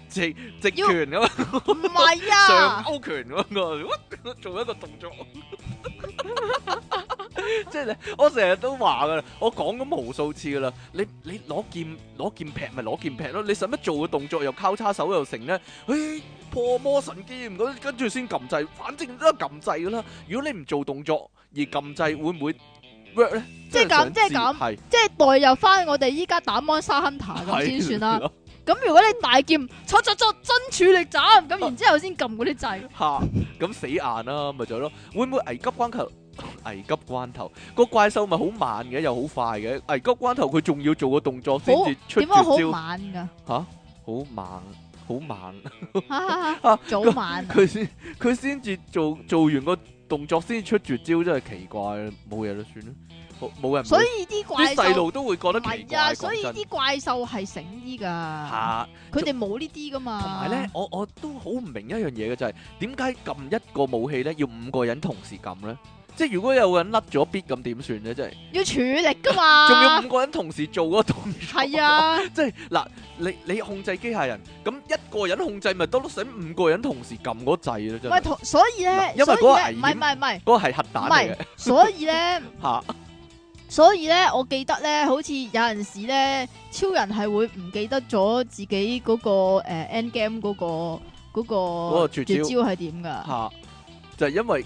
Speaker 2: 直直拳咁，唔係啊，上勾拳咁個，做一個動作，即係我成日都話㗎啦，我講咁無數次㗎啦，你你攞劍攞劍劈咪攞劍劈咯，你使乜做個動作又交叉手又成咧？誒破魔神劍，唔該跟住先撳掣，反正都撳掣㗎啦。如果你唔做動作而撳掣，會唔會？work 咧，即係咁，即係咁，即係
Speaker 1: 代入翻我哋依家打 Monster Hunter 咁先算啦。咁如果你大劍，錯錯錯，真蓄力斬，咁然之後先撳嗰啲掣。
Speaker 2: 吓，咁死硬啦，咪就係咯。會唔會危急關頭？危急關頭，個怪獸咪好慢嘅，又好快嘅。危急關頭佢仲要做個動作先至出招。點解好慢噶？吓，好慢，好慢。
Speaker 1: 早晚。佢
Speaker 2: 先佢先至做做完個。動作先出絕招真係奇怪，冇嘢都算啦，冇人。所以啲細路都會覺得奇怪。哎、所以啲
Speaker 1: 怪獸係醒啲
Speaker 2: 㗎，
Speaker 1: 佢哋冇呢啲噶嘛。同埋咧，
Speaker 2: 我我都好唔明一樣嘢嘅就係點解撳一個武器咧要五個人同時撳咧？即係如果有人甩咗 bit，咁點算咧？即係
Speaker 1: 要處理噶嘛？仲要五
Speaker 2: 個人同時做嗰個動
Speaker 1: 作？係啊，
Speaker 2: 即係嗱，你你控制機械人，咁一個人控制咪多咯？使五個人同時撳嗰掣咧，真係。唔係同，
Speaker 1: 所以咧，因為嗰個危險，唔係唔係，嗰個係核彈嚟嘅。所以咧，吓，所以咧，我記得咧，好似有陣時咧，超人係會唔記得咗自己嗰個誒 Endgame 嗰個嗰個絕招係點噶？吓，
Speaker 2: 就係因為。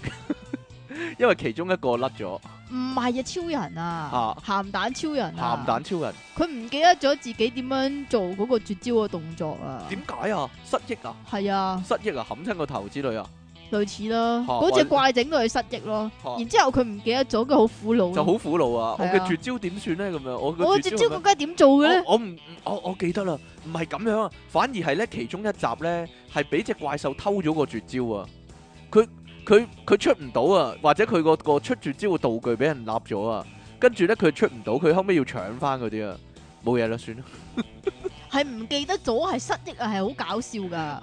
Speaker 2: 因為其中一個甩咗，
Speaker 1: 唔係啊，超人啊，鹹蛋超人啊，啊，
Speaker 2: 鹹蛋超人，
Speaker 1: 佢唔記得咗自己點樣做嗰個絕招嘅動作啊？
Speaker 2: 點解啊？失憶啊？係啊，失憶啊，冚親個頭之類啊，
Speaker 1: 類似咯，啊，嗰隻，啊，怪整到佢失憶咯，然之後佢唔記得咗，佢好苦惱，就好苦惱啊！我嘅絕
Speaker 2: 招點算咧？咁樣我我絕招究竟點做嘅咧？我唔我我，我，我記得啦，唔係咁樣啊，反而係咧，其中一集咧，係俾隻怪獸偷咗個絕招啊，佢佢佢出唔到啊，或者佢個出絕招嘅道具俾人笠咗啊，跟住咧佢出唔到，佢後尾要搶翻嗰啲啊，冇嘢啦，算啦，
Speaker 1: 係 唔記得咗，係失憶啊，係好搞笑噶，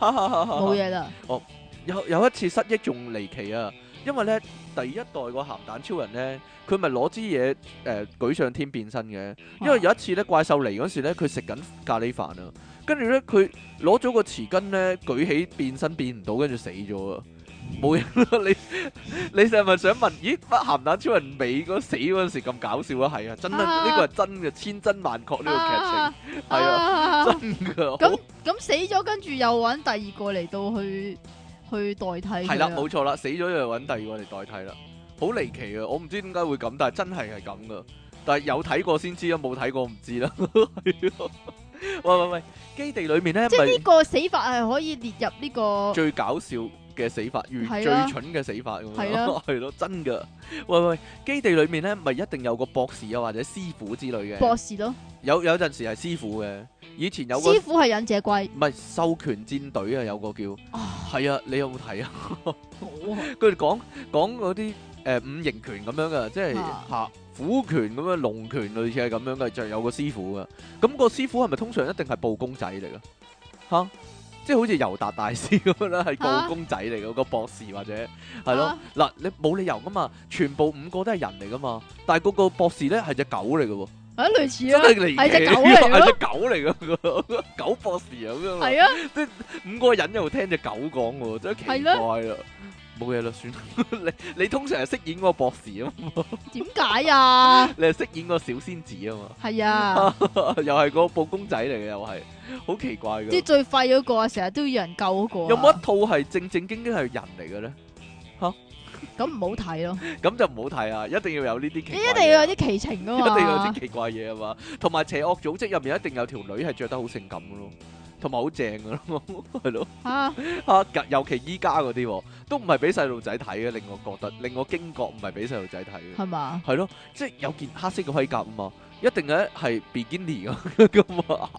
Speaker 1: 冇嘢啦。
Speaker 2: 哦，有有一次失憶仲離奇啊，因為咧第一代個咸蛋超人咧，佢咪攞支嘢誒舉上天變身嘅，因為有一次咧怪獸嚟嗰時咧，佢食緊咖喱飯啊，跟住咧佢攞咗個匙羹咧舉起變身變唔到，跟住死咗啊。冇人咯，你你係咪想問？咦，鹹蛋超人尾嗰死嗰時咁搞笑啊？係啊，真係，呢個係真嘅，千真萬確呢個劇情係啊，真噶。咁
Speaker 1: 咁死咗，跟住又搵第二個嚟到去去代替。係啦，冇
Speaker 2: 錯啦，死咗又搵第二個嚟代替啦，好離奇啊！我唔知點解會咁，但係真係係咁噶。但係有睇過先知啊，冇睇過唔知啦。喂喂喂，基地裏面咧，即係呢個
Speaker 1: 死法係可以列入呢個最
Speaker 2: 搞笑嘅死法，如最蠢嘅死法咁咯，係咯、啊， 真噶。喂喂，基地裏面咧，咪一定有個博士啊，或者師傅之類嘅。博士咯。有有陣時係師傅嘅，以前有個師傅
Speaker 1: 係忍者龜。
Speaker 2: 唔係授權戰隊啊，有個叫，係啊，你有冇睇、 呃、啊？佢哋講講嗰啲誒五形拳咁樣噶，即係吓虎拳咁樣，龍拳類似係咁樣嘅，就有個師傅噶。咁、那個師傅係咪通常一定係布公仔嚟噶？吓、啊？即係好似尤達大師咁樣啦，係個公仔嚟嘅、啊、個博士或者係咯，嗱、啊、你冇理由噶嘛，全部五個都係人嚟噶嘛，但係個個博士咧係隻狗嚟嘅
Speaker 1: 喎，啊類似啊，係隻狗嚟咯，係隻、啊、
Speaker 2: 狗嚟嘅個狗博士咁樣，係啊，即係五個人又聽隻狗講喎，真係奇怪啊！ 冇嘢啦，算。你你通常係飾演個博士嘛啊？
Speaker 1: 點解啊？
Speaker 2: 你係飾演個小仙子嘛啊？嘛係啊，又係個布公仔嚟嘅，又係，好奇怪嘅。啲
Speaker 1: 最廢嗰個啊，成日都要人救嗰個、啊。有冇一
Speaker 2: 套係正正經經係人嚟嘅咧？
Speaker 1: 吓、啊，咁唔 好睇咯。
Speaker 2: 咁 就唔好睇啊！一定要有呢啲、啊，奇一定要有
Speaker 1: 啲奇情噶嘛，一定要有啲奇
Speaker 2: 怪嘢啊嘛，同埋邪惡組織入面一定有條女係着得好性感嘅咯、啊。同埋好正噶咯，係咯嚇嚇格，尤其依家嗰啲，都唔係俾細路仔睇嘅。令我覺得，令我驚覺，唔係俾細路仔睇嘅。係嘛？係咯，即係有件黑色嘅盔甲啊嘛，一定咧係比堅尼咁嘅嘛，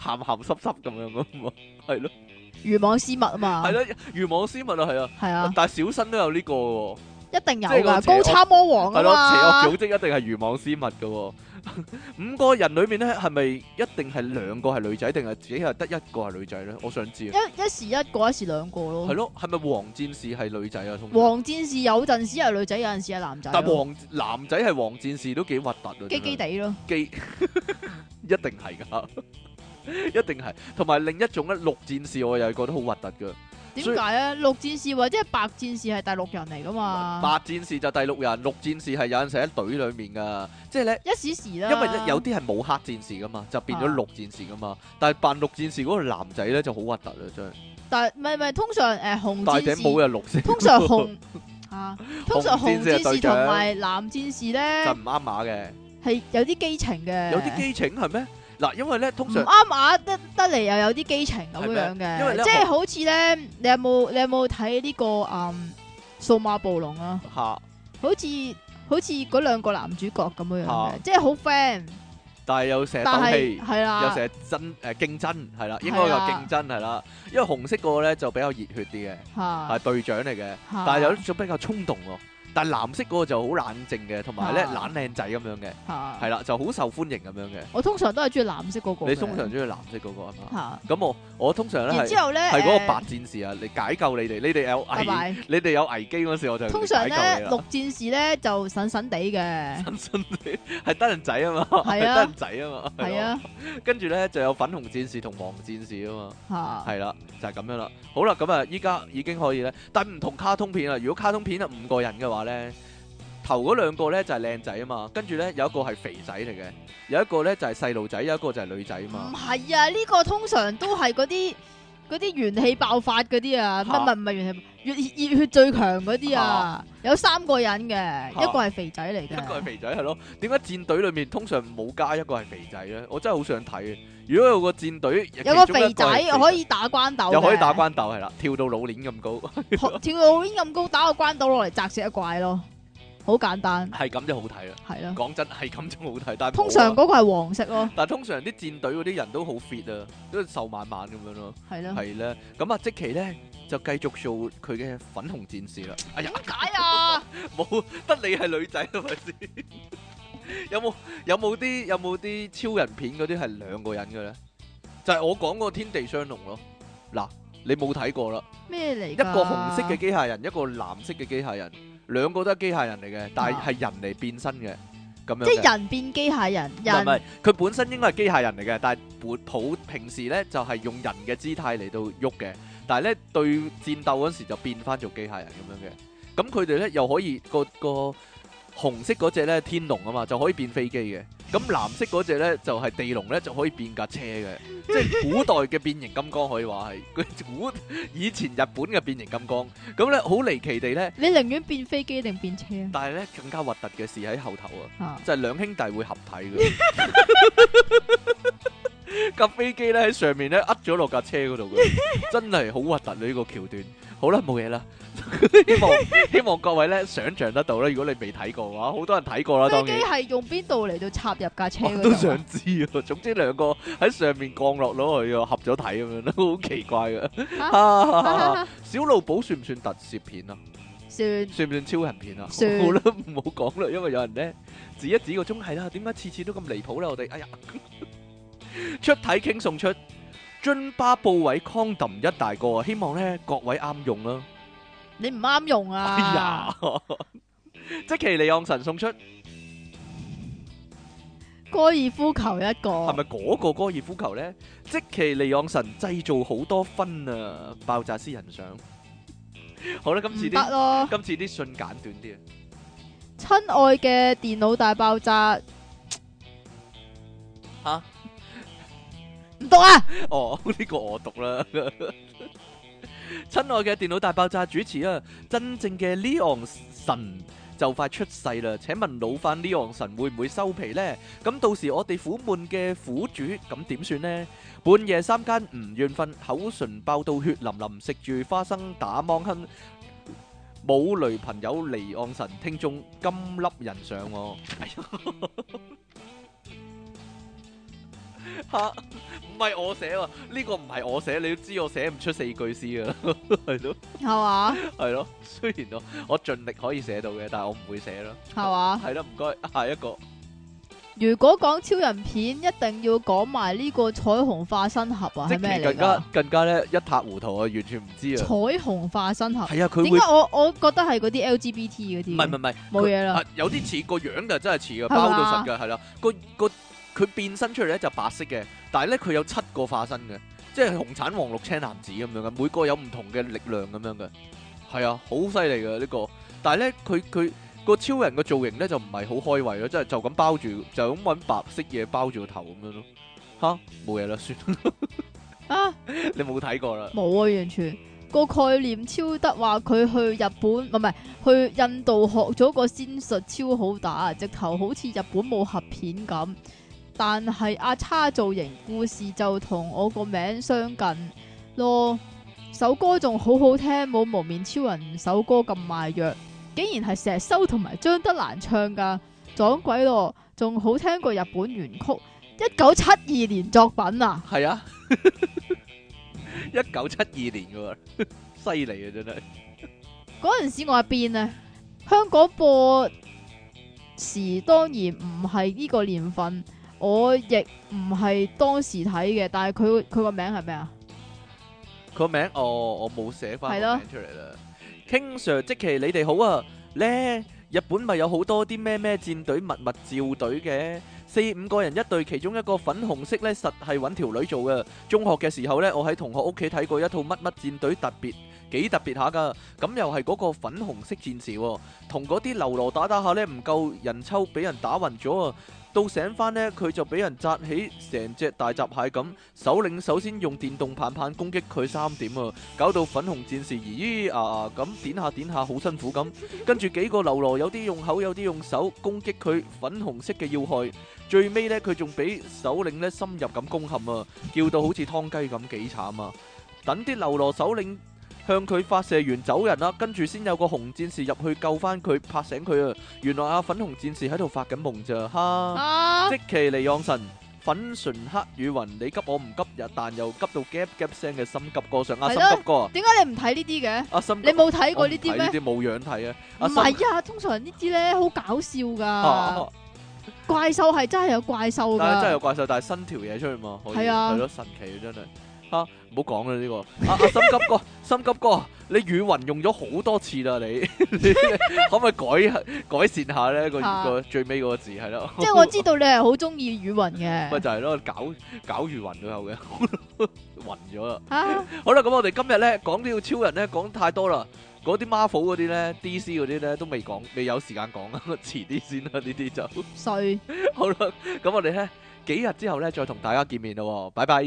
Speaker 2: 鹹鹹濕濕咁樣嘅嘛，係咯。
Speaker 1: 魚網絲襪啊嘛。係
Speaker 2: 咯，魚網絲襪啊，係啊。係啊。但係小新都有呢個喎。
Speaker 1: 一定有啊，高叉魔王啊嘛。邪惡組
Speaker 2: 織一定係魚網絲襪嘅喎。五個人裏面咧，係咪一定係兩個係女仔，定係自己係得一個係女仔咧？我想知。一
Speaker 1: 一時一個，一時兩個咯。係咯，
Speaker 2: 係咪黃戰士係女仔啊？黃
Speaker 1: 戰士有陣時係女仔，有陣時係男仔。但黃
Speaker 2: 男仔係黃戰士都幾核突啊，基基哋咯。基幾。 一定係噶，一定係。同埋另一種咧，綠戰士我又係覺得好核突噶。
Speaker 1: 點解咧？綠戰士或者係白戰士係第六人嚟噶嘛？
Speaker 2: 白戰士就第六人，綠戰士係有陣時喺隊裏面噶，
Speaker 1: 即係咧一時時啦。因為有啲
Speaker 2: 係冇黑戰士噶嘛，就變咗綠戰士噶嘛。啊、但係扮綠戰士嗰個男仔咧就好核突啊！真係。但
Speaker 1: 係唔係唔係通常誒紅戰士，大頂帽嘅綠色。通常、呃、紅啊，通常紅戰士同埋藍戰士咧就
Speaker 2: 唔啱碼嘅，
Speaker 1: 係有啲基情嘅，有啲基情
Speaker 2: 係咩？嗱、啊，因為咧通常唔啱
Speaker 1: 眼得得嚟，又有啲基情咁樣嘅，即係好似咧，你有冇你有冇睇呢個嗯數碼暴龍啊？嚇哈！好似好似嗰兩個男主角咁樣嘅，哈 即係好 friend。
Speaker 2: 但係有成日鬥氣，係啦有，又成日真誒競爭，係啦，應該有競爭係啦。因為紅色個咧就比較熱血啲嘅，係哈 隊長嚟嘅，哈 但係有種比較衝動但係藍色嗰個就好冷靜嘅，同埋咧懶靚仔咁樣嘅，係啦就好受歡迎咁樣嘅。我
Speaker 1: 通常都係中意藍色嗰個。你通常
Speaker 2: 中意藍色嗰個啊嘛？咁我我通常咧係之後咧係嗰個白戰士啊嚟解救你哋，你哋有危你哋有危機嗰時我就解救你啦。通常咧綠
Speaker 1: 戰士咧就神神地嘅，
Speaker 2: 神神地係得人仔啊嘛，係啊，得人仔啊嘛，係啊，跟住咧就有粉紅戰士同黃戰士啊嘛，係啦就係咁樣啦。好啦，咁啊依家已經可以咧，但唔同卡通片啊，如果卡通片啊五個人嘅話。咧頭嗰兩個咧就係、是、靚仔啊嘛，跟住咧有一個係肥仔嚟嘅，有一個咧就係細路仔，有一個就係、是、女仔啊嘛。唔
Speaker 1: 係啊，呢、這個通常都係嗰啲。嗰啲元氣爆發嗰啲啊，乜乜唔係元氣熱熱血,血,血最強嗰啲啊，啊有三個人嘅，啊、一個係肥仔嚟嘅，一
Speaker 2: 個係肥仔係咯。點解戰隊裏面通常冇加一個係肥仔咧？我真係好想睇。如果有個戰隊，個有個肥仔,肥仔可以
Speaker 1: 打關鬥，又可以打關
Speaker 2: 鬥係啦，跳到老鏈咁高，
Speaker 1: 跳到老鏈咁高打個關鬥落嚟砸死一怪咯。好簡單，
Speaker 2: 係咁就好睇啦。係啦的，講真，係咁就好睇。但，啊通啊、 但通常嗰
Speaker 1: 個係黃色咯。
Speaker 2: 但係通常啲戰隊嗰啲人都好 fit 啊，都瘦蜢蜢咁樣咯。係咯的，係啦。咁啊，積淇咧就繼續做佢嘅粉紅戰士啦。哎呀，解啊，冇得 你係女仔啊咪先。有冇有冇啲有冇啲超人片嗰啲係兩個人嘅咧？就係、是、我講過天地雙龍咯。嗱，你冇睇過啦。
Speaker 1: 咩嚟？一個紅色嘅
Speaker 2: 機械人，一個藍色嘅機械人。兩個都係機械人嚟嘅，但係係人嚟變身嘅，咁樣即係人
Speaker 1: 變機械人，唔係
Speaker 2: 佢本身應該係機械人嚟嘅，但係普普平時咧就係、是、用人嘅姿態嚟到喐嘅，但係咧對戰鬥嗰時就變翻做機械人咁樣嘅，咁佢哋咧又可以個個。紅色嗰隻咧天龍啊嘛，就可以變飛機嘅。咁藍色嗰隻咧就係、是、地龍咧，就可以變架車嘅。即、就、係、是、古代嘅變形金剛可以話係，古以前日本嘅變形金剛。咁咧好離奇地咧，
Speaker 1: 你寧願變飛機定變車，
Speaker 2: 但係咧更加核突嘅事喺後頭啊，即係兩兄弟會合體嘅架 飛機咧喺上面咧呃咗落架車嗰度，真係好核突呢個橋段。好啦，冇嘢啦。 希望希望各位咧想象得到啦。如果你未睇過嘅話，好多人睇過啦。當然係
Speaker 1: 用邊度嚟到插入架車？我都想
Speaker 2: 知啊。總之兩個喺上面降落落去，又合咗睇咁樣都好奇怪嘅。小露寶算唔算特攝片啊？
Speaker 1: 算。
Speaker 2: 算唔算超人片啊？算。好啦，唔好講啦，因為有人咧指一指個鐘係啦。點解、啊、次次都咁離譜咧？我哋哎呀， 出體傾送出。津巴布韋 condom 一大個，希望咧各位啱用啦。
Speaker 1: 你唔啱用啊？
Speaker 2: 積淇離岸神送出，
Speaker 1: 高爾夫球一個。係
Speaker 2: 咪嗰個高爾夫球咧？積淇離岸神製造好多分啊！爆炸私人相。好啦，今次啲今次啲信簡短啲。
Speaker 1: 親愛嘅電腦大爆炸。吓？
Speaker 2: 讀啊！哦，呢個我讀啦。親愛嘅電腦大爆炸主持啊，真正嘅 Leon 神就快出世啦！請問老范 Leon 神會唔會收皮呢？咁到時我哋苦悶嘅苦主咁點算呢？半夜三更唔願瞓，口唇爆到血淋淋，食住花生打芒亨，冇雷朋友離岸神，聽眾金粒人上。吓，唔係我寫喎，呢個唔係我寫，你都知我寫唔出四句詩噶啦，係 咯，係嘛，係咯，雖然我我盡力可以寫到嘅，但係我唔會寫咯，係嘛，係咯，唔該，下一個。
Speaker 1: 如果講超人片，一定要講埋呢個彩虹化身盒啊，係咩嚟噶？更加
Speaker 2: 更加咧一塌糊塗啊，完全唔知啊！
Speaker 1: 彩虹化身盒係啊，佢點解我我覺得係嗰啲 LGBT 嗰啲？唔係唔係，冇嘢啦，
Speaker 2: 有啲似個樣就真係似噶，包到實嘅係啦，個個。 佢變身出嚟咧就白色嘅，但係咧佢有七個化身嘅，即係紅橙黃綠青藍紫咁樣嘅，每個有唔同嘅力量咁樣嘅，係啊，好犀利嘅呢個。但係咧佢佢個超人個造型咧就唔係好開胃咯，即係就咁包住，就咁揾白色嘢包住個頭咁樣咯。吓、啊，冇嘢啦，算
Speaker 1: 啊，
Speaker 2: 你冇睇過啦，
Speaker 1: 冇啊，完全、這個概念超得話佢去日本唔係去印度學咗個仙術超好打，直頭好似日本武俠片咁。但係阿叉造型故事就同我個名相近咯。首歌仲好好聽，冇《無面超人》首歌咁賣藥，竟然係石修同埋張德蘭唱噶，撞鬼咯！仲好聽過日本原曲，一九七二年作品啊。
Speaker 2: 係啊，一九七二年嘅，犀利啊！真係
Speaker 1: 嗰陣時我喺邊呢？香港播時當然唔係呢個年份。我亦唔係當時睇嘅，但係佢佢個名係咩啊？
Speaker 2: 佢個名，我我冇寫翻出嚟啦。King Sir，積淇你哋好啊咧！日本咪有好多啲咩咩戰隊密密照隊嘅，四五個人一隊，其中一個粉紅色咧，實係揾條女做嘅。中學嘅時候咧，我喺同學屋企睇過一套乜乜戰隊，特別幾特別下㗎。咁又係嗰個粉紅色戰士，同嗰啲嘍囉打打下咧，唔夠人抽，俾人打暈咗啊！到醒翻呢，佢就俾人紮起成隻大閘蟹咁。首領首先用電動棒棒攻擊佢三點啊，搞到粉紅戰士咦咦啊咁點下點下好辛苦咁。跟住幾個流羅有啲用口，有啲用手攻擊佢粉紅色嘅要害。最尾呢，佢仲俾首領呢深入咁攻陷啊，叫到好似湯雞咁幾慘啊！等啲流羅首領。向佢發射完走人啦，跟住先有個紅戰士入去救翻佢，拍醒佢啊！原來阿粉紅戰士喺度發緊夢咋吓？哈啊、即奇利昂神粉船黑雨雲，你急我唔急日，日但又急到 gap gap 聲嘅心急過上阿的、啊、心急哥點
Speaker 1: 解你唔睇呢啲嘅？
Speaker 2: 阿心，你冇睇過呢啲咩？呢啲冇樣睇啊！唔係啊，
Speaker 1: 啊通常呢啲咧好搞笑噶，啊、怪獸係真係有怪獸噶，真係有
Speaker 2: 怪獸，但係新條嘢出嚟嘛，係啊，係咯，神奇啊，真係。啊，唔好講啦呢個。啊，阿心急哥，心急哥， 急哥你語雲用咗好多次啦，你， 你可唔可以改改善下咧、啊？個個最尾嗰個字係咯。即係我知
Speaker 1: 道你係好中意語雲嘅。咪
Speaker 2: 就係咯，搞搞語雲都有嘅，暈咗啦。啊、好啦，咁我哋今日咧講呢講個超人咧講太多啦，講啲 Marvel 嗰啲咧，DC 嗰啲咧都未講，未有時間講啦，遲 啲先啦呢啲就。衰睡。好啦，咁我哋咧幾日之後咧再同大家見面咯，拜拜。